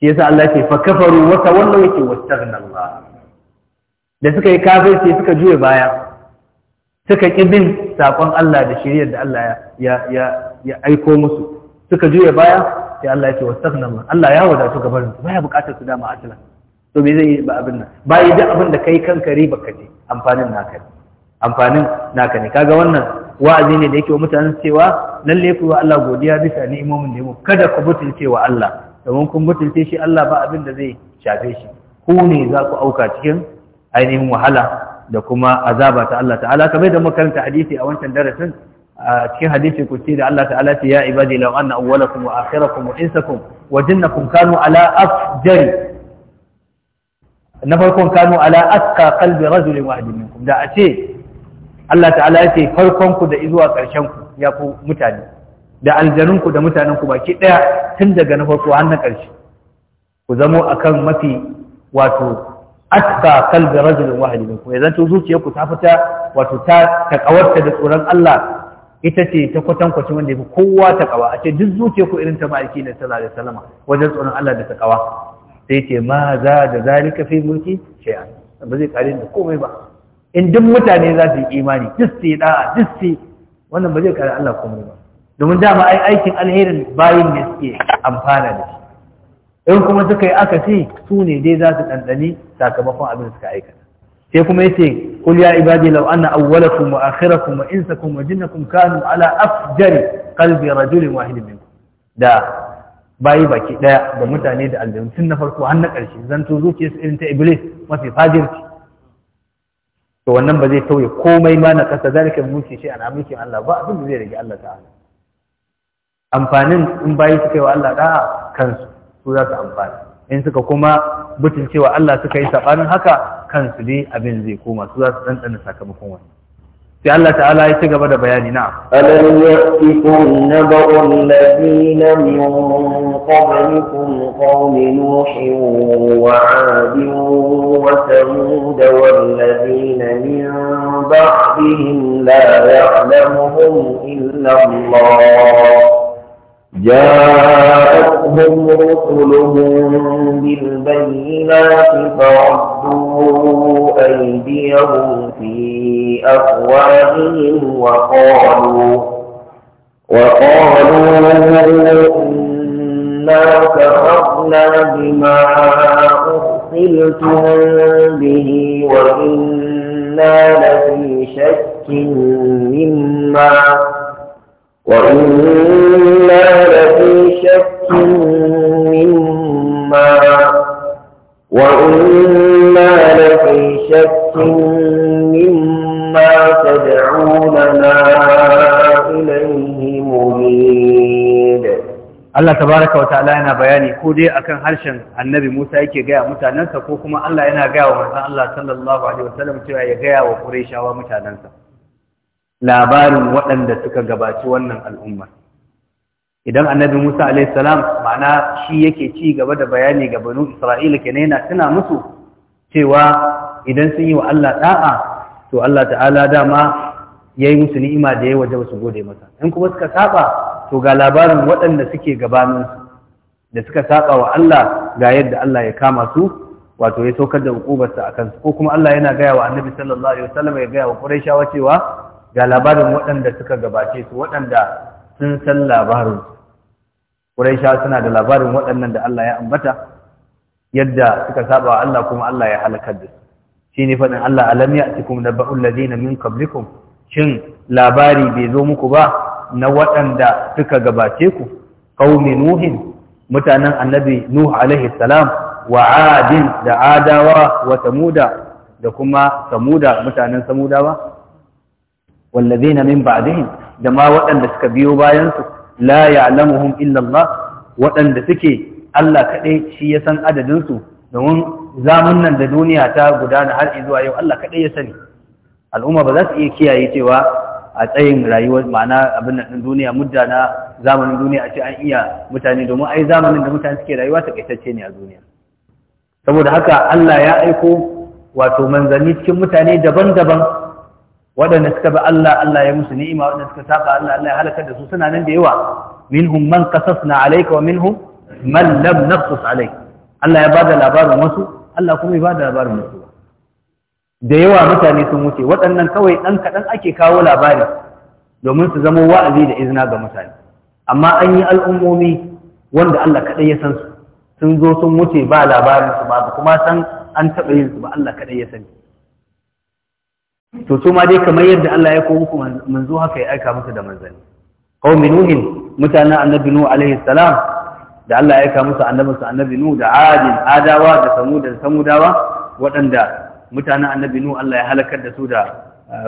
shi yasa Allah ce fa kafaru wa tawallaw yake wastaghna Allah da suka yi kafirce suka juye baya suka ƙi bin saƙon Allah da shiriyar da Allah ya aiko musu suka juya baya sai Allah ya ce wastaghna nama!" Allah ya wadatu gabar su baya buƙatar su dama asila to me zai yi ba abin nan Ba da abin da kai kanka riba ka ce amfanin naka ne amfanin naka ne kaga wannan wa'azi ne da yake wa mutanen cewa lalle ku Allah godiya bisa ni'imomin da ya kada ku butulce wa Allah domin kun butulce shi Allah ba abin da zai shafe shi ku ne za ku auka cikin ainihin wahala da kuma azaba ta Allah ta'ala kamar da makaranta hadisi a wancan darasin a cikin hadisi kuci da Allah ta'ala ce ya ibadi law anna awwalakum wa akhirakum wa insakum wa jinnakum kanu ala afjari na farkon kanu ala aska qalbi rajulin wahidin minkum da a ce Allah ta'ala ya ce farkon ku da zuwa karshen ku ya ku mutane da aljanun ku da mutanen ku baki daya tun daga na farko har na karshe ku zamo akan mafi wato atka kalbi rajulin wahidi min ku yanzu zuciyar ku ta fita wato ta takawarta da tsoron Allah ita ce ta kwatankwacin wanda yafi kowa ta takawa a ce duk zuciyarku irin ta ma'aiki na sallallahu alaihi wasallam wajen tsoron Allah da ta takawa sai ce ma za da zalika fi mulki shay'an ba zai kare da komai ba in duk mutane za su yi imani duk su yi da'a duk su wannan ba zai kare Allah komai ba domin dama ai aikin alherin bayin ne suke amfana da shi in kuma suka yi ce su ne dai za su ɗanɗani sakamakon abin suka aikata sai kuma yace kul ya ibadi law anna awwalakum wa akhirakum wa insakum wa jinnakum kanu ala afjari qalbi rajulin wahidin minkum da bayi baki daya da mutane da aljannu tun na farko har na karshe zanto zuciyar su irin ta iblis mafi fajirci to wannan ba zai tauye komai ma na kasa zalika mulki shi an amince Allah ba abin da zai rage Allah ta'ala amfanin in bayi suka yi wa Allah da'a kansu su za su amfani in suka kuma butun cewa Allah suka yi sabanin haka kansu dai abin zai koma su za su dandana sakamakon wani sai Allah ta'ala ya ci gaba da bayani na alam yatikum naba'u alladhina min qablikum qawmi nuhin wa 'adin wa thamud walladhina min ba'dihim la ya'lamuhum illa Allah جاءتهم رسلهم بالبينات فردوا أيديهم في أفواههم وقالوا وقالوا إنا كفرنا بما أرسلتم به وإنا لفي شك مما وإنا لفي شك مما وإنا لفي شك مما تدعوننا إليه مريد Allah tabaraka wa ta'ala yana bayani ko dai akan harshen Annabi Musa yake gaya mutanensa ko kuma Allah yana gaya wa manzon Allah sallallahu alaihi wasallam cewa ya gaya wa Qurayshawa mutanensa labarin waɗanda suka gabaci wannan al'umma idan annabi Musa alaihi ma'ana shi yake ci gaba da bayani ga banu Isra'ila kenan yana tuna musu cewa idan sun yi wa Allah ɗa'a to Allah ta'ala dama ya yi musu ni'ima da ya waje su gode masa in kuma suka saba to ga labarin waɗanda suke gabanin da suka saba wa Allah ga yadda Allah ya kama su wato ya saukar da hukubarsa a kansu ko kuma Allah yana gaya wa Annabi sallallahu alaihi wasallam ya gaya wa cewa ga labarin waɗanda suka gabace su waɗanda sun san labarin ƙuraisha suna da labarin waɗannan da Allah ya ambata yadda suka saba Allah kuma Allah ya halakar da su faɗin Allah alam ya'tikum naba'ul ladina min qablikum shin labari bai zo muku ba na waɗanda suka gabace ku qaumi nuhin mutanen annabi nuhu alaihi salam wa adin da adawa wa samuda da kuma samuda mutanen samudawa na min ba'dihim da ma waɗanda suka biyo bayan su la ya'lamuhum illa Allah waɗanda suke Allah kaɗai shi ya san adadin su domin zamun nan da duniya ta gudana har zuwa yau Allah kaɗai ya sani al'umma ba za su iya kiyaye cewa a tsayin rayuwar ma'ana abin nan duniya mudda na zamanin duniya a ce an iya mutane domin ai zamanin da mutane suke rayuwa takaitacce ne a duniya saboda haka Allah ya aiko wato manzanni cikin mutane daban-daban waɗanda suka bi Allah Allah ya musu ni'ima waɗanda suka saba Allah Allah ya halaka da su suna nan da yawa minhum man qasasna alayka wa minhum man lam naqsus alayk Allah ya bada labarin wasu Allah kuma ya bada labarin wasu da yawa mutane sun wuce waɗannan kawai ɗan kaɗan ake kawo labari domin su zama wa'azi da izina ga mutane amma an yi al'ummomi wanda Allah kaɗai ya san su sun zo sun wuce ba labarin su ba kuma san an taɓa yin su ba Allah kaɗai ya sani to su ma dai kamar yadda Allah ya kawo muku manzo haka ya aika musu da manzanni qaumi nuhin mutanen annabi nuh alaihi salam da Allah ya aika musu annabin su annabi nuh da adin adawa da samud da samudawa waɗanda mutanen annabi nuh Allah ya halakar da su da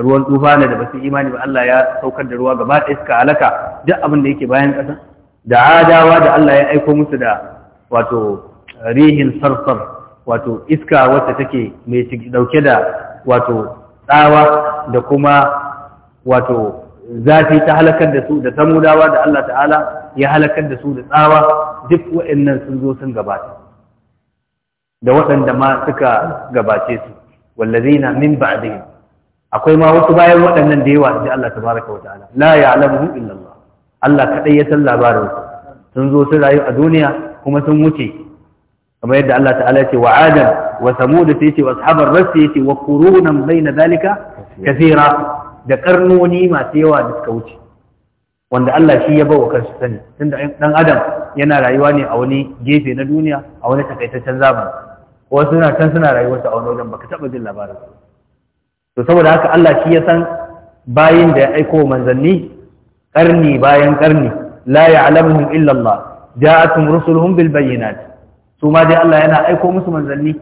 ruwan tufa ne da basu imani ba Allah ya saukar da ruwa gaba ɗaya suka halaka duk abin da yake bayan ƙasa da adawa da Allah ya aiko musu da wato rihin sarsar wato iska wacce take mai dauke da wato tsawa da kuma wato zafi ta halakar da su da samudawa da Allah ta'ala ya halakar da su da tsawa duk waɗannan sun zo sun gabata da waɗanda ma suka gabace su na min ba'dihim akwai ma wasu bayan waɗannan da yawa da Allah ta baraka tabaraka wata'ala la ya'lamuhu illa Allah Allah kaɗai ya san labarin sun zo sun rayu a duniya kuma sun wuce kamar yadda Allah ta'ala ce wa adam wa samud sai ce wa ashabar rass sai ce wa qurunan baina zalika kathira da karnoni masu yawa da suka wuce wanda Allah shi ya bawa kansu sani tunda dan adam yana rayuwa ne a wani gefe na duniya a wani takaitaccen zamani wasu suna can suna rayuwarsu a wani wajen baka taba jin labarin to saboda haka Allah shi ya san bayin da ya aiko manzanni karni bayan karni la ya'lamuhum illa Allah ja'atuhum rusuluhum bil bayyinati su ma dai Allah yana aiko musu manzanni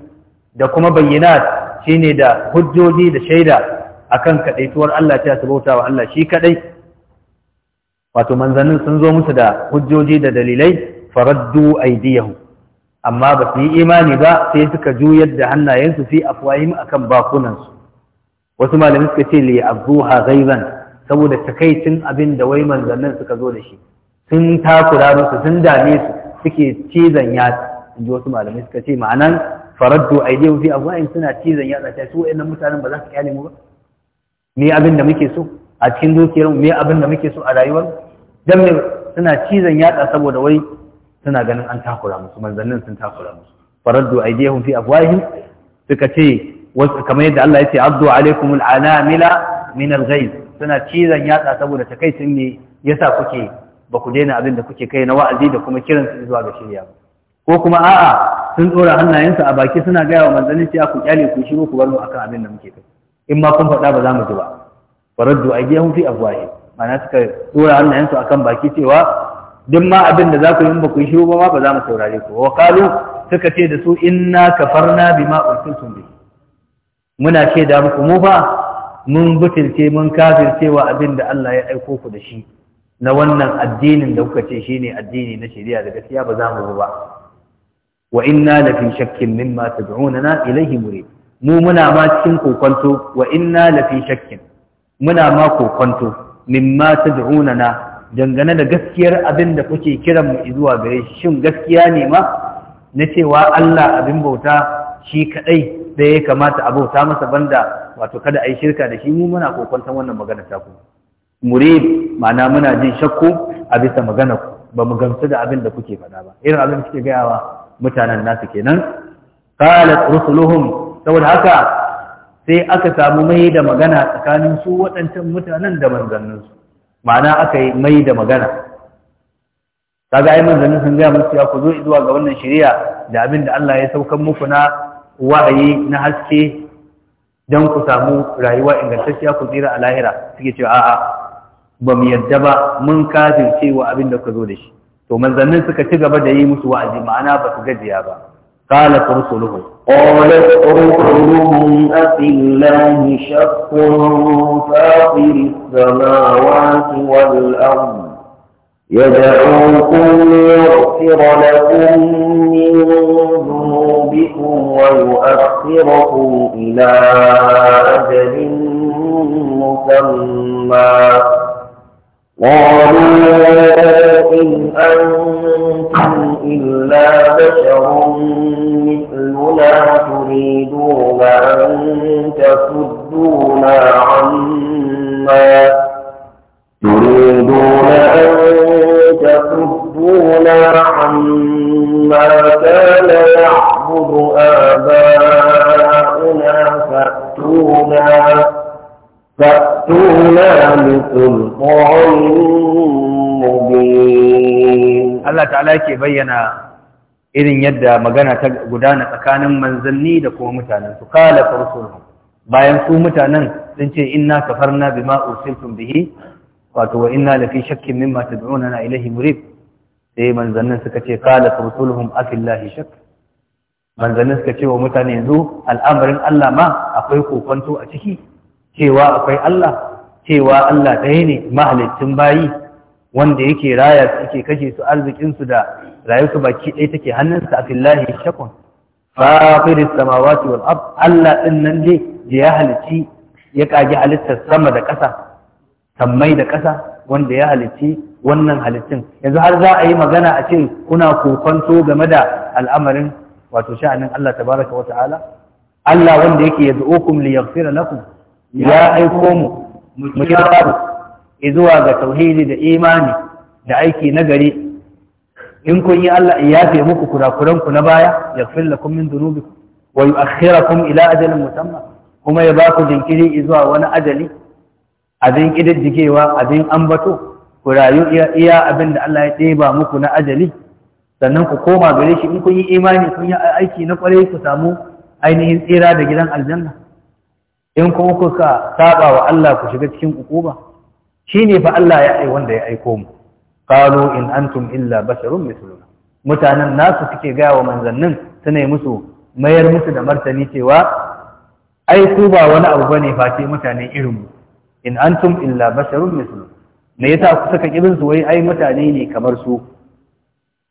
da kuma bayyana shine da hujjoji da shaida akan kadaituwar Allah ta sabauta wa Allah shi kadai wato manzannin sun zo musu da hujjoji da dalilai faraddu aydiyahu amma ba su yi imani ba sai suka juyar da hannayensu fi afwahim akan bakunansu wasu malamai suka ce li abduha ghaizan saboda takaicin abin da wai manzannin suka zo da shi sun takura musu sun dame su suke cizon yatsu in ji wasu malamai suka ce ma'anan faraddu aidiyahum fi afwahihim suna cizon yatsa ta su wayannan mutanen ba za su kyale mu ba me abin da muke so a cikin dukiyar me abin da muke so a rayuwar dan me suna cizon yatsa saboda wai suna ganin an takura musu manzannin sun takura musu faraddu aidiyahum fi afwahihim suka ce wasu kamar yadda Allah ya ce abdu alaikumul anamila min al-ghaiz suna cizon yatsa saboda takaicin ne yasa kuke ba ku daina abin da kuke kai na wa'azi da kuma kiransu zuwa ga shirya ba ko kuma a'a sun tsora hannayensu a baki suna gaya wa manzannin cewa ku kyale ku shiru ku bar mu akan abin da muke kai in ma kun faɗa ba za mu ji ba faraddu aydiyahum fi afwahihim ma'ana suka tsora hannayensu akan baki cewa duk ma abin da za ku yi in ba ku yi shiru ba ma ba za mu saurare ku wa qalu suka ce da su inna kafarna bima ursiltum bihi muna shaida muku mu fa mun butulce mun kafircewa abin da Allah ya aiko ku da shi na wannan addinin da kuka ce shine addini na shari'a da gaskiya ba za mu ba wa inna la fi shakkin mimma tad'unana ilayhi murid mu muna ma cikin kokonto wa inna la shakkin muna ma kokonto mimma tad'unana dangane da gaskiyar abin da kuke kiran mu zuwa gare shi shin gaskiya ne ma na cewa Allah abin bauta shi kadai da ya kamata a bauta masa banda wato kada a shirka da shi mu muna kokonton wannan magana ta ku murid ma'ana muna jin shakku a bisa magana ku ba mu gamsu da abin da kuke faɗa ba irin abin da kuke gayawa mutanen nasu kenan qalat rusuluhum saboda haka sai aka samu mai da magana tsakanin su waɗancan mutanen da su ma'ana aka yi mai da magana kaga ai manzannin sun gaya musu ku zo zuwa ga wannan shari'a da abin da Allah ya saukan muku na wa'ayi na haske dan ku samu rayuwa ingantacciya ku tsira a lahira suke cewa a'a ba mu yadda ba mun kafin cewa abin da ku zo da shi to manzannin suka ci gaba da yi musu wa'azi ma'ana ba su gajiya ba qala رسلهم قالت رسلهم أفي الله شق samawati wal والأرض يدعوكم ليغفر لكم من ذنوبكم ويؤخركم إلى أجل مسمى قالوا إن أنتم إلا بشر مثلنا تريدون أن تصدونا عما تريدون أن تصدونا عما كان يعبد آباؤنا فأتونا فأتونا وأتونا بسلطان مبين الله تعالى يكي بينا irin yadda magana ta gudana tsakanin manzanni da kuma mutanen su kala farsulhum bayan su mutanen sun ce inna kafarna bima ursiltum bihi wato wa inna lafi shakkin mimma na ilayhi murib sai manzannin suka ce kala farsulhum afillahi shakk manzannin suka ce wa mutane yanzu al'amarin Allah ma akwai kokonto a ciki cewa akwai Allah cewa Allah ɗaya ne mahalicin bayi wanda yake raya su yake kashe su arzikin su da rayuwarsu baki ɗaya take hannunsa a fillahi shakun fafiris samawati wal ard Allah din nan dai da ya halici ya kage halittar sama da ƙasa sammai da ƙasa wanda ya halici wannan halittun yanzu har za a yi magana a ce kuna kokonto game da al'amarin wato sha'anin Allah tabaraka wa ta'ala Allah wanda yake yad'ukum li yaghfira lakum ya aiko mu mu kira zuwa ga tauhidi da imani da aiki nagari in kun yi Allah ya fi muku kurakuranku na baya ya fi lakum min dunubi wa kun ila ajalin musamman, kuma ya ba ku jinkiri zuwa wani ajali abin ƙididdigewa abin ambato ku rayu iya iya abin da Allah ya ɗeba muku na ajali sannan ku koma gare shi in kun yi imani kun yi aiki na kwarai ku samu ainihin tsira da gidan aljanna in kuma kuka saba wa Allah ku shiga cikin ukuba shine fa Allah ya ai wanda ya aiko mu qalu in antum illa basharun mithluna mutanen nasu suke ga wa manzannin suna musu mayar musu da martani cewa ai ku ba wani abu bane face mutane irin mu in antum illa basharun mithluna me yasa ku saka kirin su wai ai mutane ne kamar su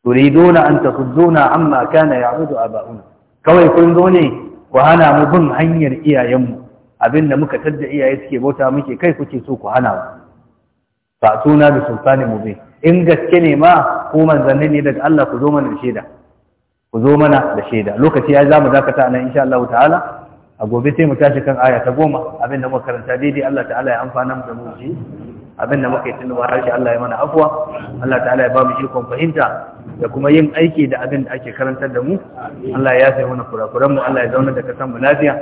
turiduna an tasudduna amma kana ya'budu aba'una kawai kun zo ne ku hana mu bin hanyar iyayenmu abin da muka tadda iyaye suke bauta muke kai kuke so ku hana mu fa suna da sultani mubin in gaske ne ma ko manzanni ne daga Allah ku zo mana da shaida ku zo mana da shaida lokaci ya zamu dakata nan insha Allah ta'ala a gobe sai mu tashi kan aya ta goma abin da muka karanta daidai Allah ta'ala ya amfana mu da mu shi abin da muka yi tunuwa harshe Allah ya mana afuwa Allah ta'ala ya ba mu fahimta da kuma yin aiki da abin da ake karantar da mu Allah ya sai mana kurakuran mu Allah ya zauna da kasan mu lafiya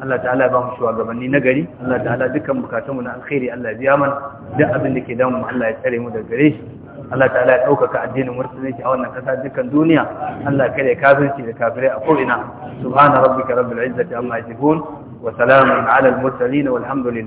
Allah ta'ala ya ba mu shugabanni na gari Allah ta'ala dukkan bukatun mu na alkhairi Allah ya biya mana duk abin da ke damu mu Allah ya tsare mu daga gare shi Allah ta'ala ya ɗaukaka addinin musulunci a wannan ƙasa dukkan duniya Allah ya ya kafirci da kafirai a ko'ina subhana rabbika rabbil izzati amma yasifun wa salamun ala al mursalin walhamdulillah